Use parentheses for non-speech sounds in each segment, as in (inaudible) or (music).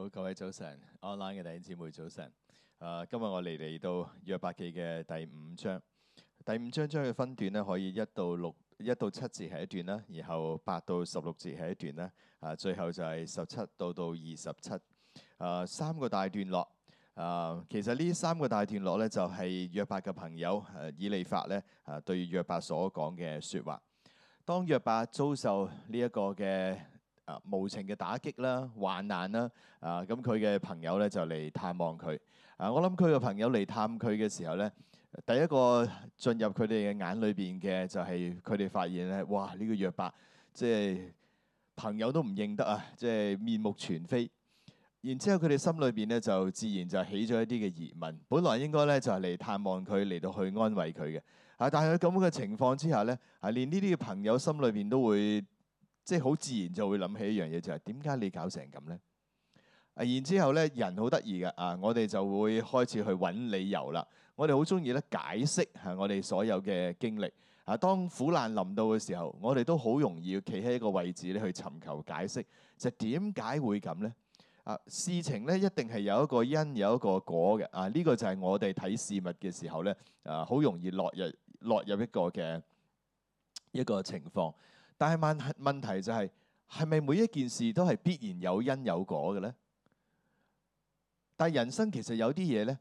好，各位早晨，online 嘅弟兄姊妹早晨。啊，今日我哋嚟到約伯記嘅第五章。第五章將佢分段咧，可以一到六、一到七節係一段啦，然後八到十六節係一段啦，啊，最後就係十七到到二十七，啊，三個大段落。啊，其實呢三個大段落咧，就係約伯嘅朋友誒以利法咧，啊，對約伯所講嘅説話。當約伯遭受呢一個嘅啊，無情嘅打擊啦，患難啦，啊，咁佢嘅朋友咧就嚟探望佢。啊，我諗佢嘅朋友嚟探佢嘅時候咧，第一個進入佢哋嘅眼裏邊嘅就係佢哋發現咧，哇！呢個約伯，即係朋友都唔認得啊，即係面目全非。然之後佢哋心裏邊咧就自然就起咗一啲嘅疑問。本來應該咧就係嚟探望佢，嚟到去安慰佢嘅。啊，但係佢咁嘅情況之下咧，啊，連呢啲嘅朋友心裏邊都會。即係好自然就會諗起一樣嘢，就係點解你搞成咁呢？啊，然之後咧，人好得意嘅啊，我哋就會開始去揾理由啦。我哋好中意咧解釋吓我哋所有嘅經歷。啊，當苦難臨到嘅時候，我哋都好容易企喺一個位置咧去尋求解釋，就點解會咁呢？啊，事情咧一定係有一個因，有一個果嘅。啊，呢個就係我哋睇事物嘅時候咧啊，好容易落入落入一個嘅一個情況。但係問問題就係係咪每一件事都係必然有因有果嘅咧？但係人生其實有啲嘢咧，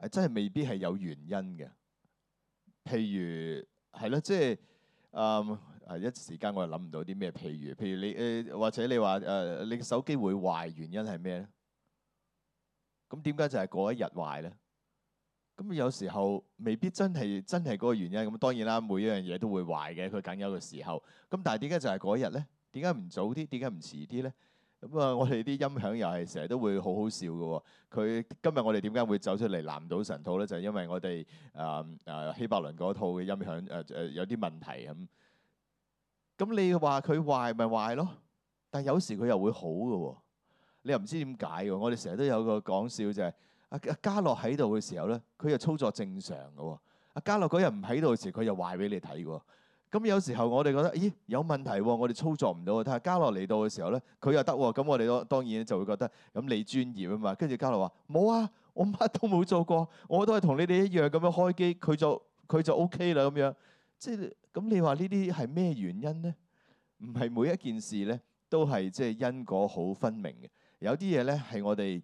係真係未必係有原因嘅。譬如係咯，即係誒，一時間我又諗唔到啲咩。譬如譬如你誒、呃，或者你話誒、呃，你嘅手機會壞，原因係咩咧？咁點解就係嗰一日壞咧？咁有時候未必真係真係嗰個原因，咁當然啦，每一樣嘢都會壞嘅，佢梗有嘅時候。咁但係點解就係嗰日咧？點解唔早啲？點解唔遲啲咧？咁啊，我哋啲音響又係成日都會好好笑嘅喎。佢今日我哋點解會走出嚟攔到神套咧？就係因為我哋啊啊希伯倫嗰套嘅音響誒誒有啲問題咁。咁你話佢壞咪壞咯？但係有時佢又會好嘅喎。你又唔知點解嘅？我哋成日都有個講笑就係。阿阿嘉樂喺度嘅時候咧，佢又操作正常嘅喎。阿嘉樂嗰日唔喺度嘅時候，佢又壞俾你睇喎。咁有時候我哋覺得，咦，有問題喎，我哋操作唔到。睇下嘉樂嚟到嘅時候咧，佢又得。咁我哋都當然就會覺得，咁你專業啊嘛。跟住嘉樂話：冇啊，我乜都冇做過，我都係同你哋一樣咁樣開機，佢就佢就 OK 啦，咁樣。即係咁你話呢啲係咩原因咧？唔係每一件事咧都係即係因果好分明嘅，有啲嘢咧係我哋。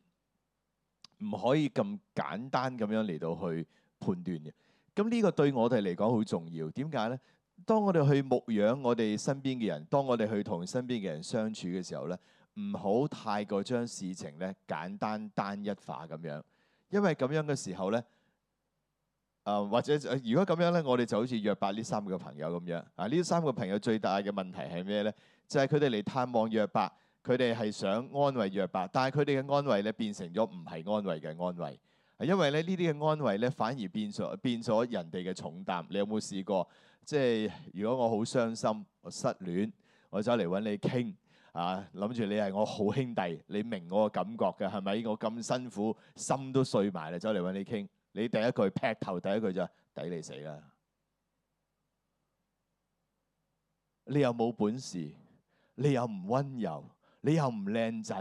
唔可以咁簡單咁樣嚟到去判斷嘅。咁呢個對我哋嚟講好重要。點解呢？當我哋去牧養我哋身邊嘅人，當我哋去同身邊嘅人相處嘅時候咧，唔好太過將事情咧簡單單一化咁樣。因為咁樣嘅時候咧，啊、呃、或者如果咁樣咧，我哋就好似約伯呢三個朋友咁樣。啊呢三個朋友最大嘅問題係咩呢？就係佢哋嚟探望約伯。佢哋係想安慰約伯，但係佢哋嘅安慰咧變成咗唔係安慰嘅安慰，因為咧呢啲嘅安慰咧反而變咗變咗人哋嘅重擔。你有冇試過？即係如果我好傷心，我失戀，我走嚟揾你傾啊，諗住你係我好兄弟，你明我嘅感覺嘅係咪？是是我咁辛苦，心都碎埋啦，走嚟揾你傾。你第一句劈頭第一句就抵你死啦！你又冇本事，你又唔温柔。你又唔靚仔，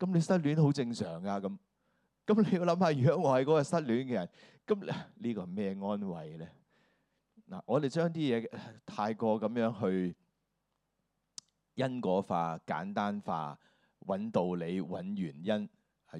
咁你失戀好正常噶。咁，咁你要諗下，如果我係嗰個失戀嘅人，咁呢個咩安慰咧？嗱，我哋將啲嘢太過咁樣去因果化、簡單化、揾道理、揾原因。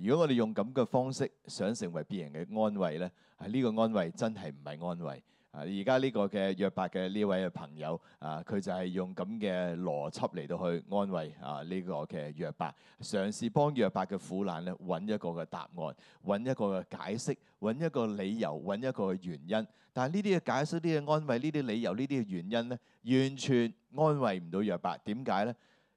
如果我哋用咁嘅方式想成為別人嘅安慰咧，係呢個安慰真係唔係安慰。啊，而家呢個嘅約伯嘅呢位嘅朋友啊，佢就係用咁嘅邏輯嚟到去安慰啊呢個嘅約伯，嘗試幫約伯嘅苦難咧，揾一個嘅答案，揾一個嘅解釋，揾一個理由，揾一個原因。但係呢啲嘅解釋、呢啲嘅安慰、呢啲理由、呢啲嘅原因咧，完全安慰唔到約伯。點解咧？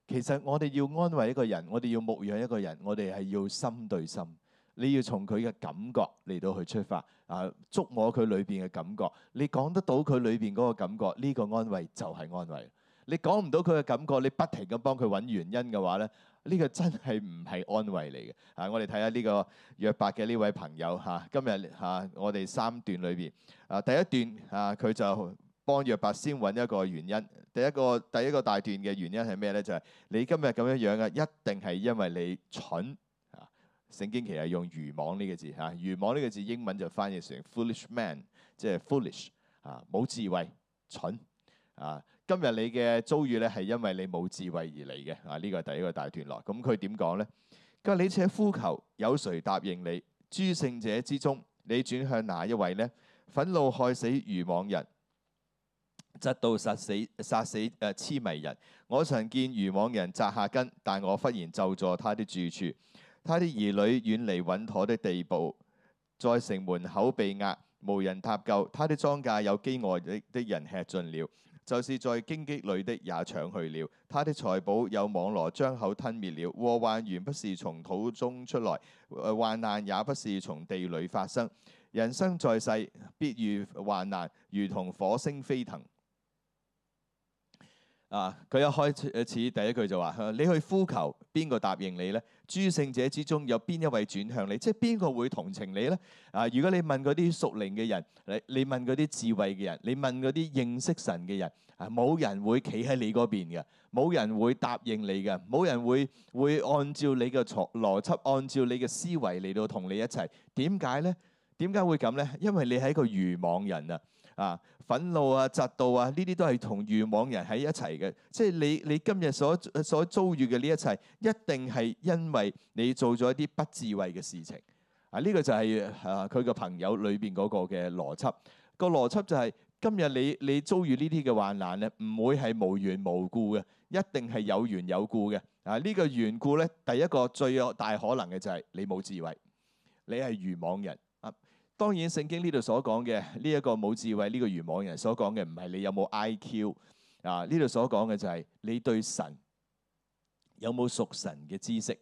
其實我哋要安慰一個人，我哋要牧養一個人，我哋係要心對心。你要從佢嘅感覺嚟到去出發啊，捉摸佢裏邊嘅感覺，你講得到佢裏邊嗰個感覺，呢個安慰就係安慰。你講唔到佢嘅感覺，你不停咁幫佢揾原因嘅話咧，呢個真係唔係安慰嚟嘅。啊，我哋睇下呢個約伯嘅呢位朋友嚇、啊，今日嚇、啊、我哋三段裏邊啊，第一段啊，佢就幫約伯先揾一個原因。第一個第一個大段嘅原因係咩咧？就係你今日咁樣樣啊，一定係因為你蠢。聖經其實用愚妄呢個字嚇，愚妄呢個字英文就翻譯成 foolish man，即係 foolish 啊，冇智慧、蠢啊。今日你嘅遭遇咧，係因為你冇智慧而嚟嘅啊。呢個係第一個大段落。咁佢點講呢？「佢話你且呼求，有誰答應你？諸聖者之中，你轉向哪一位呢？憤怒害死愚妄人，嫉妒殺死殺死誒、呃、癡迷人。我曾見愚妄人扎下根，但我忽然就咒詛他的住處。他的兒女遠離穩妥的地步，在城門口被壓，無人搭救。他的莊稼有飢餓的人吃盡了，就是在荊棘裏的也搶去了。他的財寶有網羅張口吞滅了。禍患原不是從土中出來，患難也不是從地裏發生。人生在世，必遇患難，如同火星飛騰。啊！佢一開始第一句就話、啊：你去呼求邊個答應你咧？諸聖者之中有邊一位轉向你？即係邊個會同情你咧？啊！如果你問嗰啲熟齡嘅人，你你問嗰啲智慧嘅人，你問嗰啲認識神嘅人，啊，冇人會企喺你嗰邊嘅，冇人會答應你嘅，冇人會會按照你嘅邏輯，按照你嘅思維嚟到同你一齊。點解咧？點解會咁咧？因為你係一個愚妄人啊！啊！憤怒啊、嫉妒啊，呢啲都係同愚妄人喺一齊嘅。即係你你今日所所遭遇嘅呢一切，一定係因為你做咗一啲不智慧嘅事情。啊，呢、這個就係、是、啊佢嘅朋友裏邊嗰個嘅邏輯。嗰個邏輯就係、是、今日你你遭遇呢啲嘅患難咧，唔會係無緣無故嘅，一定係有緣有故嘅。啊，呢、這個緣故咧，第一個最大可能嘅就係你冇智慧，你係愚妄人。當然，聖經呢度所講嘅呢一個冇智慧，呢個愚妄人所講嘅唔係你有冇 IQ 啊？呢度所講嘅就係你對神有冇屬神嘅知識？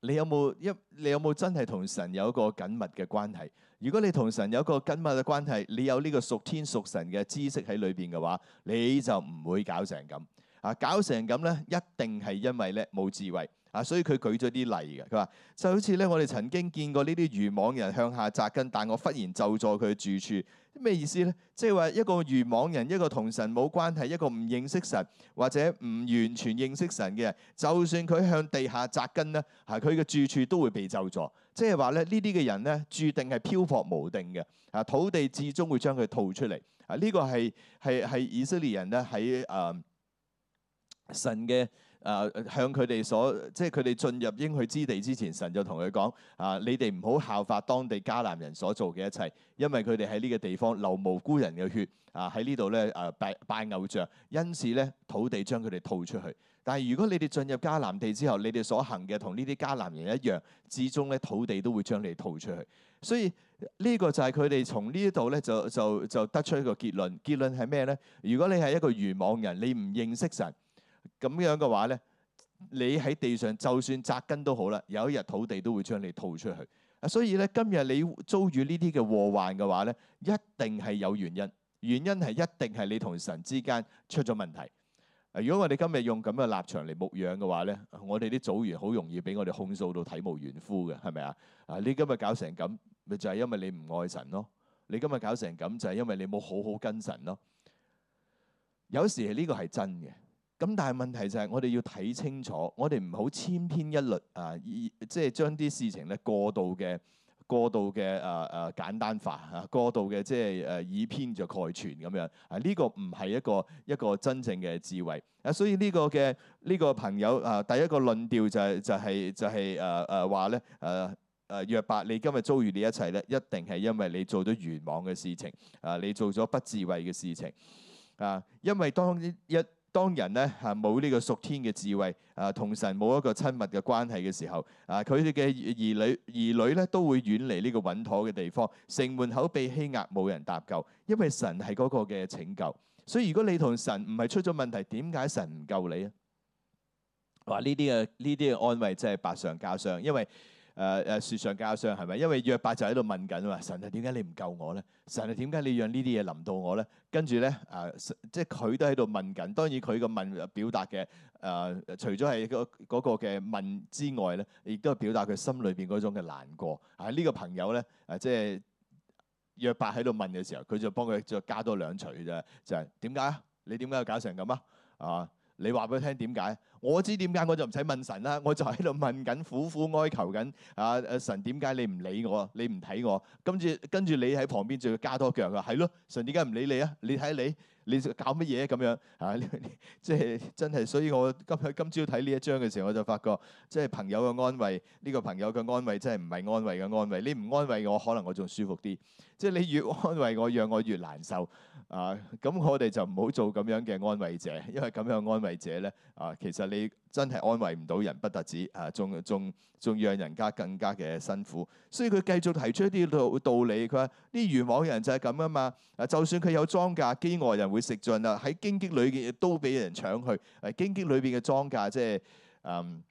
你有冇一？你有冇真係同神有一個緊密嘅關係？如果你同神有一個緊密嘅關係，你有呢個屬天屬神嘅知識喺裏邊嘅話，你就唔會搞成咁啊！搞成咁咧，一定係因為咧冇智慧。啊，所以佢舉咗啲例嘅。佢話就好似咧，我哋曾經見過呢啲愚妄人向下扎根，但我忽然咒詛佢住處。咩意思咧？即係話一個愚妄人，一個同神冇關係，一個唔認識神或者唔完全認識神嘅人，就算佢向地下扎根咧，係佢嘅住處都會被咒詛。即係話咧，呢啲嘅人咧，注定係漂泊無定嘅。啊，土地至終會將佢吐出嚟。啊、這個，呢個係係係以色列人咧喺誒神嘅。啊！向佢哋所即係佢哋進入應許之地之前，神就同佢講：啊，你哋唔好效法當地迦南人所做嘅一切，因為佢哋喺呢個地方流無辜人嘅血。啊，喺呢度咧，誒、啊、拜拜偶像，因此咧土地將佢哋吐出去。但係如果你哋進入迦南地之後，你哋所行嘅同呢啲迦南人一樣，至終咧土地都會將你哋吐出去。所以呢個就係佢哋從呢度咧就就就得出一個結論。結論係咩咧？如果你係一個愚妄人，你唔認識神。咁樣嘅話咧，你喺地上就算紮根都好啦，有一日土地都會將你吐出去。啊，所以咧，今日你遭遇呢啲嘅禍患嘅話咧，一定係有原因，原因係一定係你同神之間出咗問題。啊，如果我哋今日用咁嘅立場嚟牧養嘅話咧，我哋啲組員好容易俾我哋控訴到體無完膚嘅，係咪啊？啊，你今日搞成咁，咪就係因為你唔愛神咯？你今日搞成咁，就係因為你冇好好跟神咯？有時呢個係真嘅。咁但係問題就係我哋要睇清楚，我哋唔好千篇一律啊，即係將啲事情咧過度嘅、過度嘅啊啊簡單化啊，過度嘅即係誒以偏著概全咁樣啊，呢、這個唔係一個一個真正嘅智慧啊，所以呢個嘅呢、這個朋友啊，第一個論調就係、是、就係、是、就係誒誒話咧誒誒，約伯你今日遭遇呢一切咧，一定係因為你做咗愚妄嘅事情啊，你做咗不智慧嘅事情啊，因為當一當人咧嚇冇呢個屬天嘅智慧，啊同神冇一個親密嘅關係嘅時候，啊佢哋嘅兒女兒女咧都會遠離呢個穩妥嘅地方，城門口被欺壓，冇人搭救，因為神係嗰個嘅拯救。所以如果你同神唔係出咗問題，點解神唔救你啊？哇呢啲嘅呢啲嘅安慰真係百上加上，因為。誒誒雪上加霜係咪？因為約伯就喺度問緊啊！神啊，點解你唔救我咧？神啊，點解你讓呢啲嘢臨到我咧？跟住咧，誒即係佢都喺度問緊。當然佢嘅問表達嘅誒、啊，除咗係、嗰個嗰、嗰個嘅問之外咧，亦都係表達佢心裏邊嗰種嘅難過。啊，呢、呢個朋友咧、啊，即係約伯喺度問嘅時候，佢就幫佢再加多兩捶啫。就係點解啊？你點解要搞成咁啊？啊，你話俾佢聽點解？我知點解，我就唔使問神啦，我就喺度問緊，苦苦哀求緊、啊，啊！神點解你唔理我，你唔睇我？跟住跟住你喺旁邊仲要加多腳啊！係咯，神點解唔理你啊？你睇你，你搞乜嘢咁樣啊？即係真係，所以我今今朝睇呢一章嘅時候，我就發覺，即係朋友嘅安慰，呢個朋友嘅安慰真係唔係安慰嘅安慰。你唔安慰我，可能我仲舒服啲。即係你越安慰我，讓我越難受。啊，咁我哋就唔好做咁樣嘅安慰者，因為咁樣安慰者咧，啊，其實～你真係安慰唔到人，不特止啊，仲仲仲讓人家更加嘅辛苦。所以佢繼續提出一啲道理，佢話啲愚妄人就係咁啊嘛。啊，就算佢有莊稼，飢餓人會食盡啦。喺荊棘裏嘅嘢都俾人搶去。誒、啊，荊棘裏邊嘅莊稼，即係誒、嗯，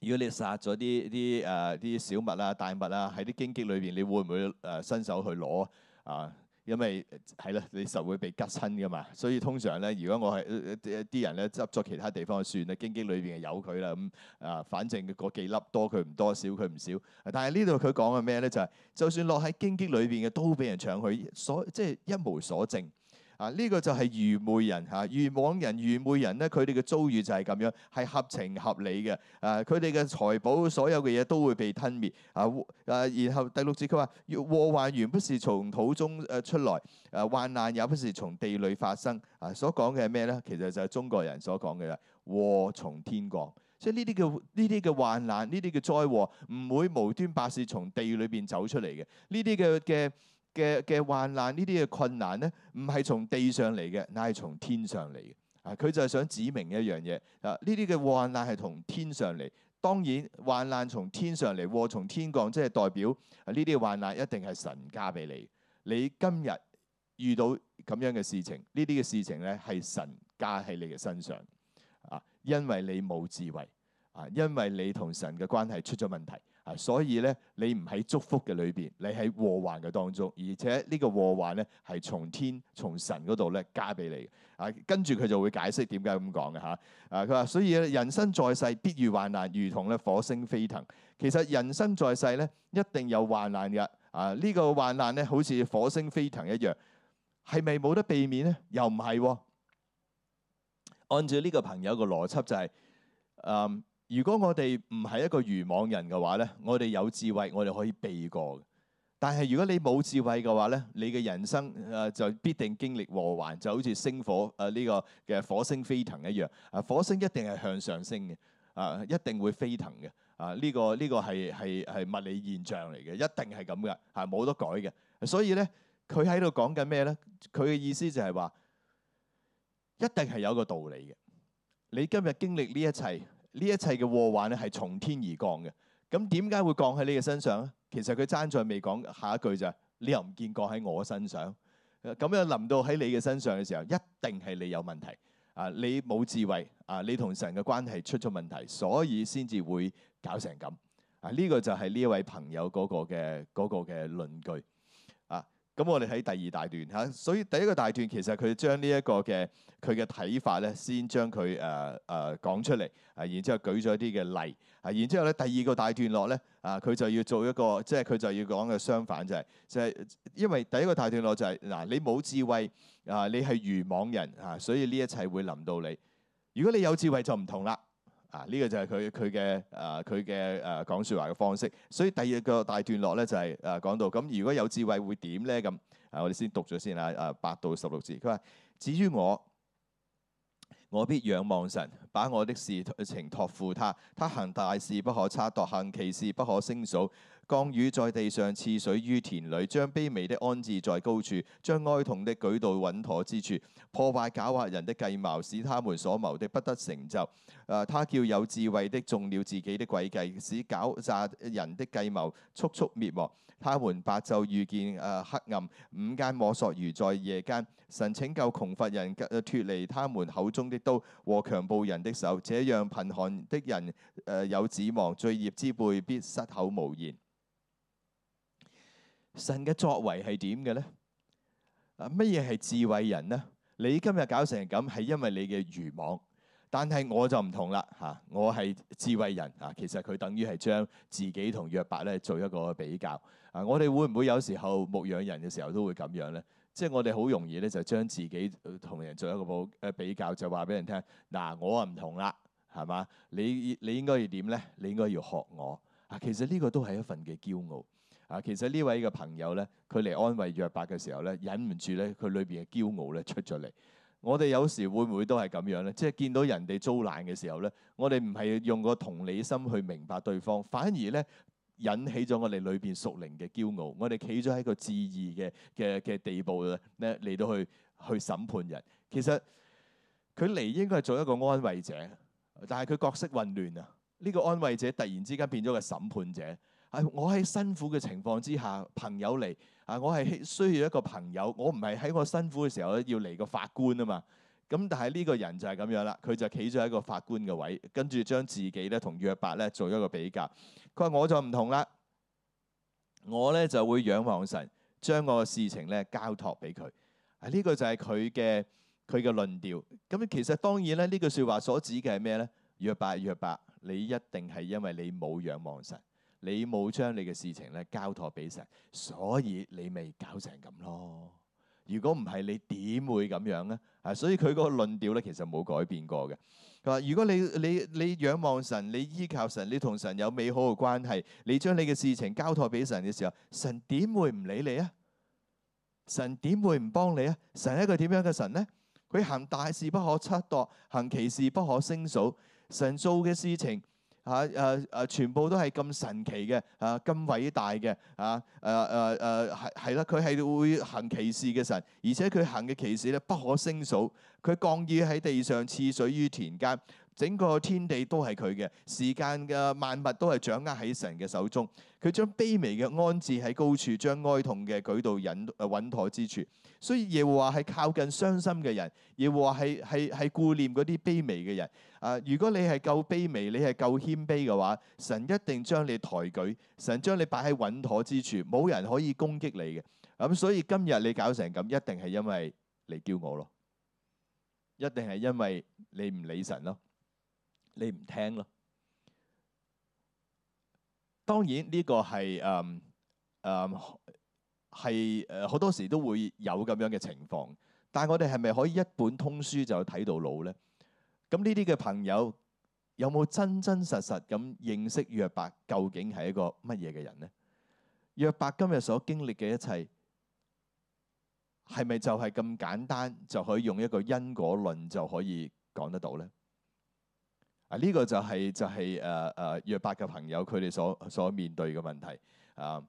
如果你殺咗啲啲誒啲小麥啊、大麥啊，喺啲荊棘裏邊，你會唔會誒伸手去攞啊？因為係啦，你實會被吉親㗎嘛，所以通常咧，如果我係一啲人咧執咗其他地方就算啦，荊棘裏邊就有佢啦咁啊，反正幾個幾粒多佢唔多，少佢唔少。啊、但係呢度佢講嘅咩咧？就係、是、就算落喺荊棘裏邊嘅都俾人搶去，所即係、就是、一無所剩。啊！呢、這個就係愚昧人嚇、啊，愚妄人、愚昧人咧，佢哋嘅遭遇就係咁樣，係合情合理嘅。啊，佢哋嘅財寶，所有嘅嘢都會被吞滅。啊，啊，然後第六節佢話：禍患原不是從土中誒出來，誒、啊、患難也不是從地裏發生。啊，所講嘅係咩咧？其實就係中國人所講嘅啦，禍從天降。即係呢啲叫呢啲嘅患難，呢啲嘅災禍，唔會無端白事從地裏邊走出嚟嘅。呢啲嘅嘅。嘅嘅患難呢啲嘅困難咧，唔係從地上嚟嘅，乃係從天上嚟嘅。啊，佢就係想指明一樣嘢。啊，呢啲嘅患難係同天上嚟。當然，患難從天上嚟，禍從天降，即係代表呢啲患難一定係神加俾你。你今日遇到咁樣嘅事情，呢啲嘅事情咧係神加喺你嘅身上。啊，因為你冇智慧。啊，因為你同神嘅關係出咗問題。啊，所以咧，你唔喺祝福嘅裏邊，你喺禍患嘅當中，而且呢個禍患咧，係從天、從神嗰度咧加俾你。啊，跟住佢就會解釋點解咁講嘅嚇。啊，佢話所以人生在世必遇患難，如同咧火星飛騰。其實人生在世咧一定有患難嘅。啊，呢個患難咧好似火星飛騰一樣，係咪冇得避免咧？又唔係、哦。按照呢個朋友嘅邏輯就係、是，嗯。如果我哋唔係一個愚妄人嘅話咧，我哋有智慧，我哋可以避過。但係如果你冇智慧嘅話咧，你嘅人生誒就必定經歷禍患，就好似星火誒呢個嘅火星飛騰一樣。啊，火星一定係向上升嘅啊，一定會飛騰嘅啊。呢個呢個係係係物理現象嚟嘅，一定係咁噶，係冇得改嘅。所以咧，佢喺度講緊咩咧？佢嘅意思就係話一定係有一個道理嘅。你今日經歷呢一切。呢一切嘅禍患咧，係從天而降嘅，咁點解會降喺你嘅身上咧？其實佢爭在未講下一句就係，你又唔見降喺我身上，咁樣臨到喺你嘅身上嘅時候，一定係你有問題啊！你冇智慧啊！你同神嘅關係出咗問題，所以先至會搞成咁啊！呢、這個就係呢一位朋友嗰個嘅嗰、那個嘅論據。咁我哋喺第二大段嚇，所以第一個大段其實佢將呢一個嘅佢嘅睇法咧，先將佢誒誒講出嚟，啊，然之後舉咗一啲嘅例，啊，然之後咧第二個大段落咧，啊，佢就要做一個，即係佢就要講嘅相反就係，就係，即係因為第一個大段落就係，嗱，你冇智慧啊，你係愚妄人啊，所以呢一切會臨到你。如果你有智慧就唔同啦。啊！呢、這個就係佢佢嘅誒佢嘅誒講説話嘅方式，所以第二個大段落咧就係誒講到咁，如果有智慧會點咧咁？啊，我哋先讀咗先啦，誒、呃、八到十六字。佢話：至於我，我必仰望神，把我的事情託付他。他行大事不可測度，行其事不可勝數。降雨在地上，賜水於田裏，將卑微的安置在高處，將哀痛的舉到穩妥之處，破壞狡猾人的計謀，使他們所謀的不得成就。呃、他叫有智慧的中了自己的詭計，使狡詐人的計謀速速滅亡。他們白晝遇見黑暗，午間摸索如在夜間。神拯救窮乏人，脱離他們口中的刀和強暴人的手，這樣貧寒的人有指望，罪孽之輩必失口無言。神嘅作為係點嘅咧？乜嘢係智慧人呢？你今日搞成咁係因為你嘅愚妄，但係我就唔同啦吓、啊，我係智慧人啊！其實佢等於係將自己同約伯咧做一個比較啊！我哋會唔會有時候牧養人嘅時候都會咁樣咧？即、就、係、是、我哋好容易咧就將自己同人做一個誒比較，就話俾人聽嗱、啊，我啊唔同啦，係嘛？你你應該要點咧？你應該要，要學我啊！其實呢個都係一份嘅驕傲。啊，其實呢位嘅朋友咧，佢嚟安慰約伯嘅時候咧，忍唔住咧，佢裏邊嘅驕傲咧出咗嚟。我哋有時會唔會都係咁樣咧？即係見到人哋遭難嘅時候咧，我哋唔係用個同理心去明白對方，反而咧引起咗我哋裏邊屬靈嘅驕傲。我哋企咗喺一個自義嘅嘅嘅地步咧，嚟到去去審判人。其實佢嚟應該係做一個安慰者，但係佢角色混亂啊！呢、這個安慰者突然之間變咗個審判者。啊！我喺辛苦嘅情況之下，朋友嚟啊！我係需要一個朋友，我唔係喺我辛苦嘅時候咧要嚟個法官啊嘛。咁但係呢個人就係咁樣啦，佢就企咗喺一個法官嘅位，跟住將自己咧同約伯咧做一個比較。佢話：我就唔同啦，我咧就會仰望神，將我嘅事情咧交託俾佢。啊！呢個就係佢嘅佢嘅論調。咁其實當然咧，呢句説話所指嘅係咩咧？約伯，約伯，你一定係因為你冇仰望神。你冇將你嘅事情咧交託俾神，所以你咪搞成咁咯。如果唔係，你點會咁樣咧？啊，所以佢個論調咧其實冇改變過嘅。佢話：如果你你你仰望神，你依靠神，你同神有美好嘅關係，你將你嘅事情交託俾神嘅時候，神點會唔理你啊？神點會唔幫你啊？神係一個點樣嘅神咧？佢行大事不可測度，行奇事不可勝數。神做嘅事情。吓誒誒，全部都係咁神奇嘅，啊咁偉大嘅，吓誒誒誒係係啦，佢、啊、係、啊、會行奇事嘅神，而且佢行嘅奇事咧不可勝數，佢降雨喺地上，賜水於田間，整個天地都係佢嘅，時間嘅萬物都係掌握喺神嘅手中，佢將卑微嘅安置喺高處，將哀痛嘅舉到引穩妥之處，所以耶和華係靠近傷心嘅人，耶和華係係係顧念嗰啲卑微嘅人。啊！如果你係夠卑微，你係夠謙卑嘅話，神一定將你抬舉，神將你擺喺穩妥之處，冇人可以攻擊你嘅。咁所以今日你搞成咁，一定係因為你驕傲咯，一定係因為你唔理神咯，你唔聽咯。當然呢個係誒誒係誒好多時都會有咁樣嘅情況，但係我哋係咪可以一本通書就睇到老咧？咁呢啲嘅朋友有冇真真實實咁認識約伯究竟係一個乜嘢嘅人呢？約伯今日所經歷嘅一切係咪就係咁簡單就可以用一個因果論就可以講得到呢？啊，呢個就係就係誒誒約伯嘅朋友佢哋所所面對嘅問題啊。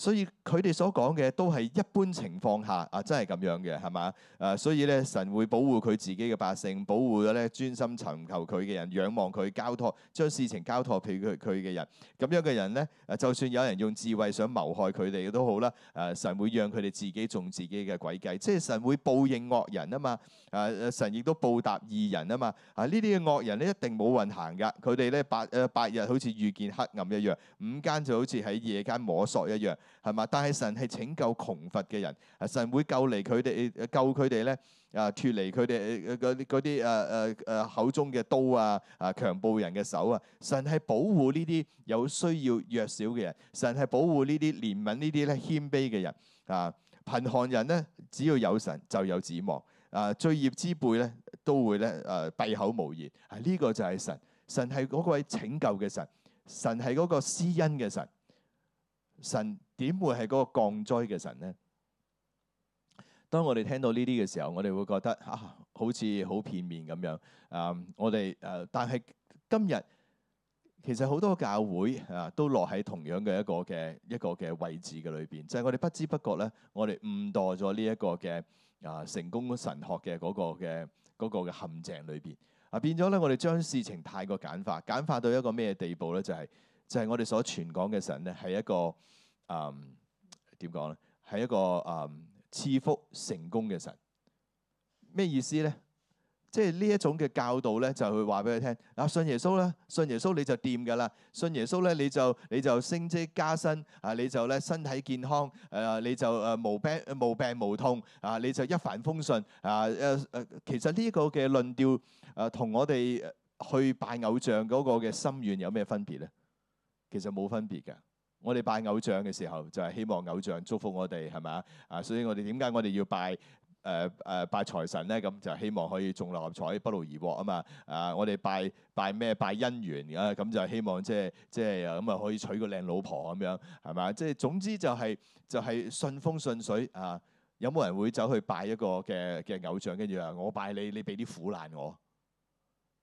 所以佢哋所講嘅都係一般情況下啊，真係咁樣嘅係嘛？誒、啊，所以咧，神會保護佢自己嘅百姓，保護咗咧專心尋求佢嘅人，仰望佢交託，將事情交託俾佢佢嘅人。咁樣嘅人咧、啊，就算有人用智慧想謀害佢哋都好啦，誒、啊，神會讓佢哋自己中自己嘅詭計，即係神會報應惡人啊嘛。誒、啊，神亦都報答義人啊嘛。啊，呢啲嘅惡人咧一定冇運行噶，佢哋咧白誒白、呃、日好似遇見黑暗一樣，午間就好似喺夜間摸索一樣。係嘛？但係神係拯救窮乏嘅人，神會救嚟佢哋，救佢哋咧啊脫離佢哋嗰啲啲誒誒誒，口中嘅刀啊啊，強暴人嘅手啊！神係保護呢啲有需要弱小嘅人，神係保護呢啲憐憫呢啲咧謙卑嘅人啊！貧寒人咧只要有神就有指望啊！罪孽之輩咧都會咧誒、啊、閉口無言啊！呢、這個就係神，神係嗰位拯救嘅神，神係嗰個施恩嘅神，神，神。神點會係嗰個降災嘅神呢？當我哋聽到呢啲嘅時候，我哋會覺得啊，好似好片面咁樣。嗯，我哋誒，但係今日其實好多教會啊，都落喺同樣嘅一個嘅一個嘅位置嘅裏邊，就係我哋不知不覺咧，我哋誤墮咗呢一個嘅啊成功神學嘅嗰個嘅嗰個嘅陷阱裏邊啊，變咗咧，我哋將事情太過簡化，簡化到一個咩地步咧？就係就係我哋所傳講嘅神咧，係一個。嗯，點講咧？係一個嗯賜福成功嘅神，咩意思咧？即係呢一種嘅教導咧，就去話俾佢聽。嗱，信耶穌啦，信耶穌你就掂㗎啦。信耶穌咧，你就你就升職加薪啊！你就咧身體健康，誒、呃、你就誒無病無病無痛啊！你就一帆風順啊！誒、呃、誒，其實呢個嘅論調誒同我哋去拜偶像嗰個嘅心願有咩分別咧？其實冇分別㗎。我哋拜偶像嘅時候，就係、是、希望偶像祝福我哋，係咪啊？啊，所以我哋點解我哋要拜誒誒、呃呃、拜財神咧？咁就希望可以中六合彩、不勞而獲啊嘛！啊，我哋拜拜咩？拜姻緣啊，咁就希望即係即係咁啊，可以娶個靚老婆咁樣，係咪啊？即係總之就係、是、就係、是、順風順水啊！有冇人會走去拜一個嘅嘅偶像，跟住話我拜你，你俾啲苦難我？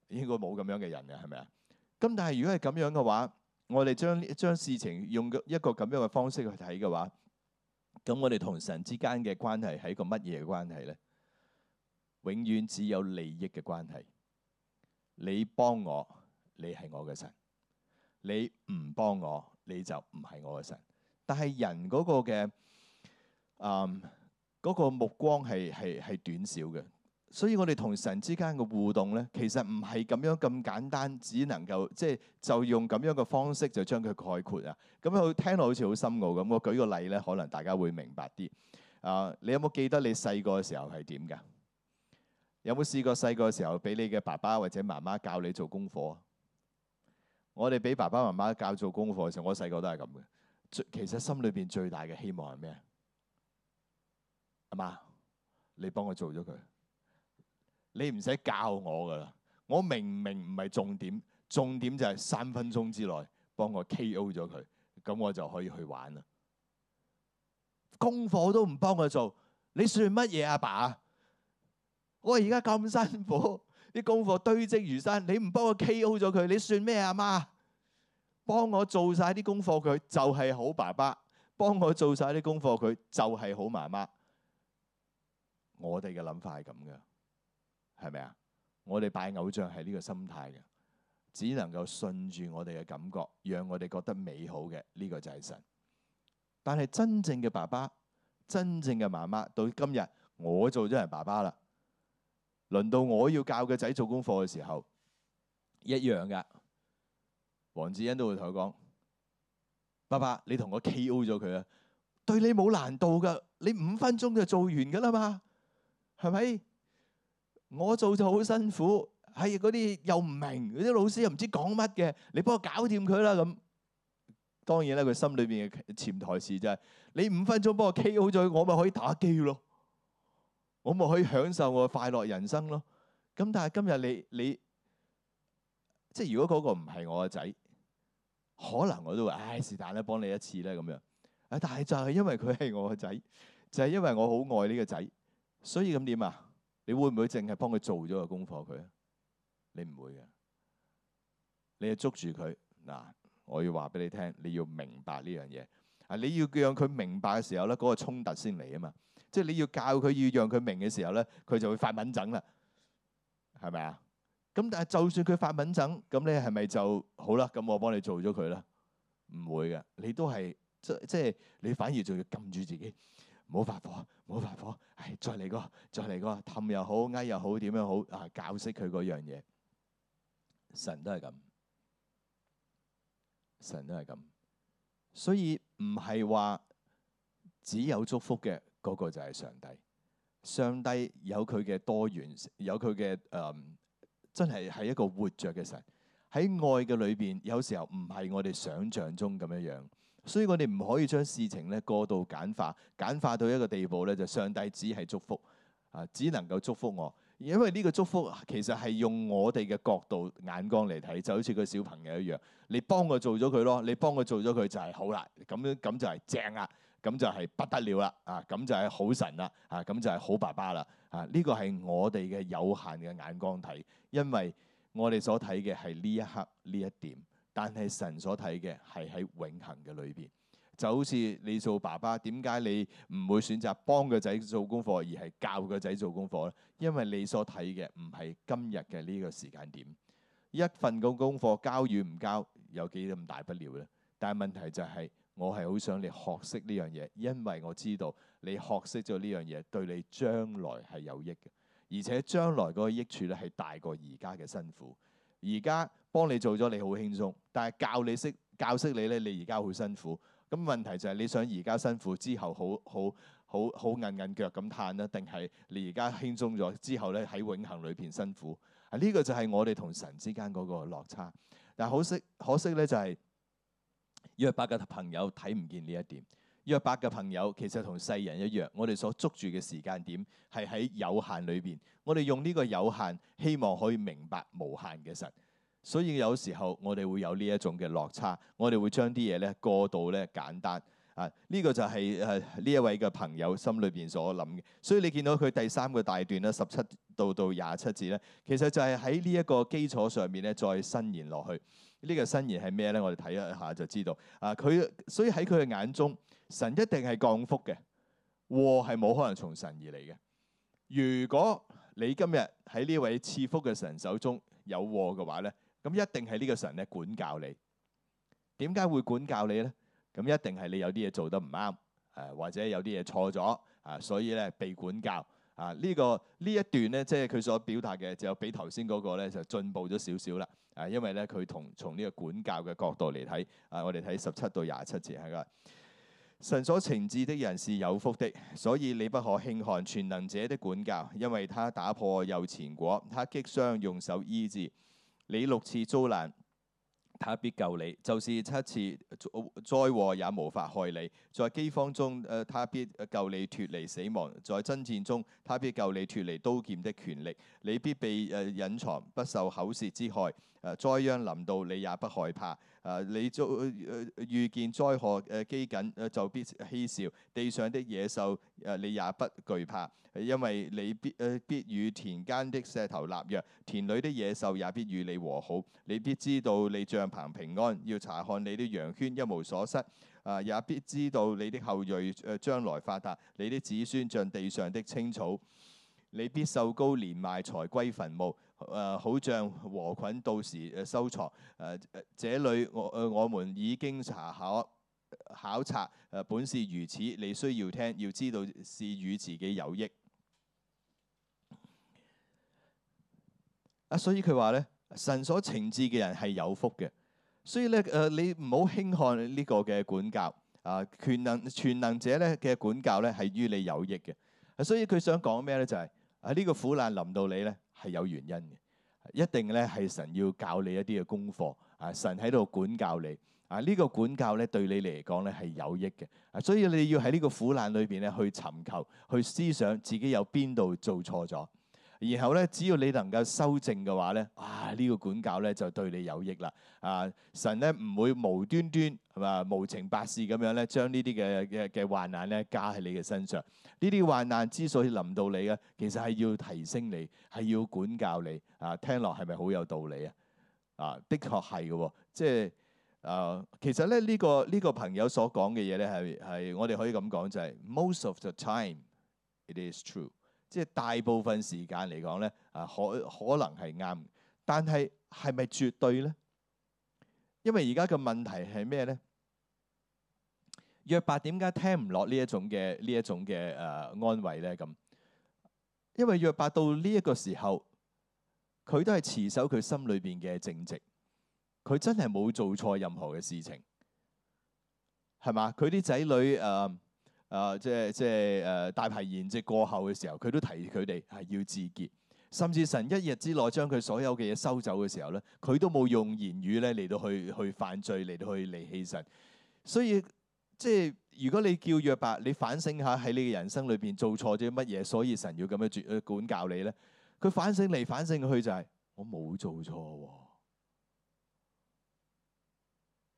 應該冇咁樣嘅人嘅，係咪啊？咁但係如果係咁樣嘅話，我哋將將事情用一個咁樣嘅方式去睇嘅話，咁我哋同神之間嘅關係係一個乜嘢嘅關係呢？永遠只有利益嘅關係。你幫我，你係我嘅神；你唔幫我，你就唔係我嘅神。但係人嗰個嘅，嗰、嗯，嗰個目光係係係短小嘅。所以我哋同神之間嘅互動咧，其實唔係咁樣咁簡單，只能夠即係就用咁樣嘅方式就將佢概括啊。咁樣聽落好似好深奧咁。我舉個例咧，可能大家會明白啲。啊，你有冇記得你細個嘅時候係點噶？有冇試過細個嘅時候俾你嘅爸爸或者媽媽教你做功課？我哋俾爸爸媽媽教做功課嘅時候，我細個都係咁嘅。其實心裏邊最大嘅希望係咩啊？阿媽，你幫我做咗佢。你唔使教我噶啦，我明明唔係重點，重點就係三分鐘之內幫我 K.O. 咗佢，咁我就可以去玩啦。功課都唔幫我做，你算乜嘢阿爸？我而家咁辛苦，啲功課堆積如山，你唔幫我 K.O. 咗佢，你算咩阿媽？幫我做曬啲功課，佢就係好爸爸；幫我做曬啲功課，佢就係好媽媽。我哋嘅諗法係咁嘅。係咪啊？我哋拜偶像係呢個心態嘅，只能夠順住我哋嘅感覺，讓我哋覺得美好嘅呢個就係神。但係真正嘅爸爸、真正嘅媽媽，到今日我做咗人爸爸啦，輪到我要教個仔做功課嘅時候，一樣噶。黃子欣都會同佢講：，爸爸，你同我 K.O. 咗佢啊，對你冇難度噶，你五分鐘就做完噶啦嘛，係咪？我做就好辛苦，係嗰啲又唔明，嗰啲老師又唔知講乜嘅，你幫我搞掂佢啦咁。當然咧，佢心裏邊嘅潛台詞就係：你五分鐘幫我 KO 咗，我咪可以打機咯，我咪可以享受我嘅快樂人生咯。咁但係今日你你，即係如果嗰個唔係我嘅仔，可能我都話：唉，是但啦，幫你一次咧咁樣。但係就係因為佢係我嘅仔，就係因為我好愛呢個仔，所以咁點啊？你會唔會淨係幫佢做咗個功課佢？你唔會嘅，你要捉住佢嗱，我要話俾你聽，你要明白呢樣嘢啊！你要讓佢明白嘅時候咧，嗰個衝突先嚟啊嘛！即係你要教佢要讓佢明嘅時候咧，佢就會發敏疹啦，係咪啊？咁但係就算佢發敏疹，咁你係咪就好啦？咁我幫你做咗佢啦？唔會嘅，你都係即即係你反而仲要撳住自己。唔好發火，唔好發火，唉再嚟個，再嚟個，氹又好，呓又好，點樣好啊？教識佢嗰樣嘢，神都係咁，神都係咁，所以唔係話只有祝福嘅嗰、那個就係上帝，上帝有佢嘅多元，有佢嘅誒，真係係一個活着嘅神喺愛嘅裏邊，有時候唔係我哋想象中咁樣樣。所以我哋唔可以將事情咧過度簡化，簡化到一個地步咧，就上帝只係祝福啊，只能夠祝福我，因為呢個祝福其實係用我哋嘅角度眼光嚟睇，就好似個小朋友一樣，你幫佢做咗佢咯，你幫佢做咗佢就係好啦，咁樣咁就係正啦，咁就係不得了啦，啊，咁就係好神啦，啊，咁就係好爸爸啦，啊，呢個係我哋嘅有限嘅眼光睇，因為我哋所睇嘅係呢一刻呢一點。但係神所睇嘅係喺永恆嘅裏邊，就好似你做爸爸，點解你唔會選擇幫個仔做功課，而係教個仔做功課咧？因為你所睇嘅唔係今日嘅呢個時間點，一份個功課交與唔交有幾咁大不了咧？但係問題就係、是、我係好想你學識呢樣嘢，因為我知道你學識咗呢樣嘢對你將來係有益嘅，而且將來嗰個益處咧係大過而家嘅辛苦。而家幫你做咗，你好輕鬆。但係教你識教識你咧，你而家好辛苦。咁問題就係你想而家辛苦，之後好好好好韌韌腳咁嘆啦，定係你而家輕鬆咗之後咧喺永恆裏邊辛苦？啊，呢、這個就係我哋同神之間嗰個落差。但係可惜可惜咧，就係約伯嘅朋友睇唔見呢一點。約伯嘅朋友其實同世人一樣，我哋所捉住嘅時間點係喺有限裏邊，我哋用呢個有限希望可以明白無限嘅神，所以有時候我哋會有呢一種嘅落差，我哋會將啲嘢咧過度咧簡單啊，呢、這個就係誒呢一位嘅朋友心裏邊所諗嘅，所以你見到佢第三個大段啦，十七到到廿七字咧，其實就係喺呢一個基礎上面咧再伸延落去。呢個新言係咩咧？我哋睇一下就知道啊！佢所以喺佢嘅眼中，神一定係降福嘅，禍係冇可能從神而嚟嘅。如果你今日喺呢位賜福嘅神手中有禍嘅話咧，咁一定係呢個神咧管教你。點解會管教你咧？咁一定係你有啲嘢做得唔啱誒，或者有啲嘢錯咗啊，所以咧被管教。啊！呢、這個呢一段咧，即係佢所表達嘅，就比頭先嗰個咧就進步咗少少啦。啊，因為咧佢同從呢個管教嘅角度嚟睇，啊，我哋睇十七到廿七節係㗎。神所情志的人是有福的，所以你不可輕看全能者的管教，因為他打破右前果，他擊傷用手醫治，你六次遭難。他必救你，就是七次災禍也無法害你。在饑荒中，誒，他必救你脫離死亡；在爭戰中，他必救你脫離刀劍的權力。你必被誒隱藏，不受口舌之害。誒，災殃臨到，你也不害怕。啊！你遭遇見災害誒饑饉誒就必嬉笑，地上的野獸誒你也不懼怕，因為你必誒、呃、必與田間的石頭立約，田裏的野獸也必與你和好。你必知道你帳棚平安，要查看你的羊圈一無所失。啊、呃！也必知道你的後裔誒、呃、將來發達，你的子孫像地上的青草，你必壽高年邁才歸墳墓。誒，好像禾捆到時誒收藏誒誒、啊，這裡我誒我們已經查考考察誒，本是如此。你需要聽，要知道是與自己有益。啊，所以佢話咧，神所懲治嘅人係有福嘅。所以咧誒，你唔好輕看呢個嘅管教啊，全能全能者咧嘅管教咧係於你有益嘅。所以佢想講咩咧？就係喺呢個苦難臨到你咧。係有原因嘅，一定咧係神要教你一啲嘅功課，啊，神喺度管教你，啊、這、呢個管教咧對你嚟講咧係有益嘅，所以你要喺呢個苦難裏邊咧去尋求，去思想自己有邊度做錯咗。然後咧，只要你能夠修正嘅話咧，啊呢、呢個管教咧就對你有益啦。啊，神咧唔會無端端係嘛無情百事咁樣咧，將呢啲嘅嘅嘅患難咧加喺你嘅身上。呢啲患難之所以臨到你嘅，其實係要提升你，係要管教你。啊，聽落係咪好有道理啊？啊，的確係嘅喎。即係誒、啊，其實咧呢、呢個呢、呢個朋友所講嘅嘢咧係係我哋可以咁講就係、係、most of the time it is true。即係大部分時間嚟講咧，啊，可可能係啱，但係係咪絕對咧？因為而家嘅問題係咩咧？約伯點解聽唔落呢一種嘅呢一種嘅誒、啊、安慰咧？咁，因為約伯到呢一個時候，佢都係持守佢心裏邊嘅正直，佢真係冇做錯任何嘅事情，係嘛？佢啲仔女誒。啊啊、呃！即係即係誒，大排筵席過後嘅時候，佢都提佢哋係要自潔。甚至神一日之內將佢所有嘅嘢收走嘅時候咧，佢都冇用言語咧嚟到去去犯罪嚟到去離棄神。所以即係如果你叫約伯，你反省下喺你嘅人生裏邊做錯咗乜嘢，所以神要咁樣絕管教你咧。佢反省嚟反省去就係、是、我冇做錯、哦。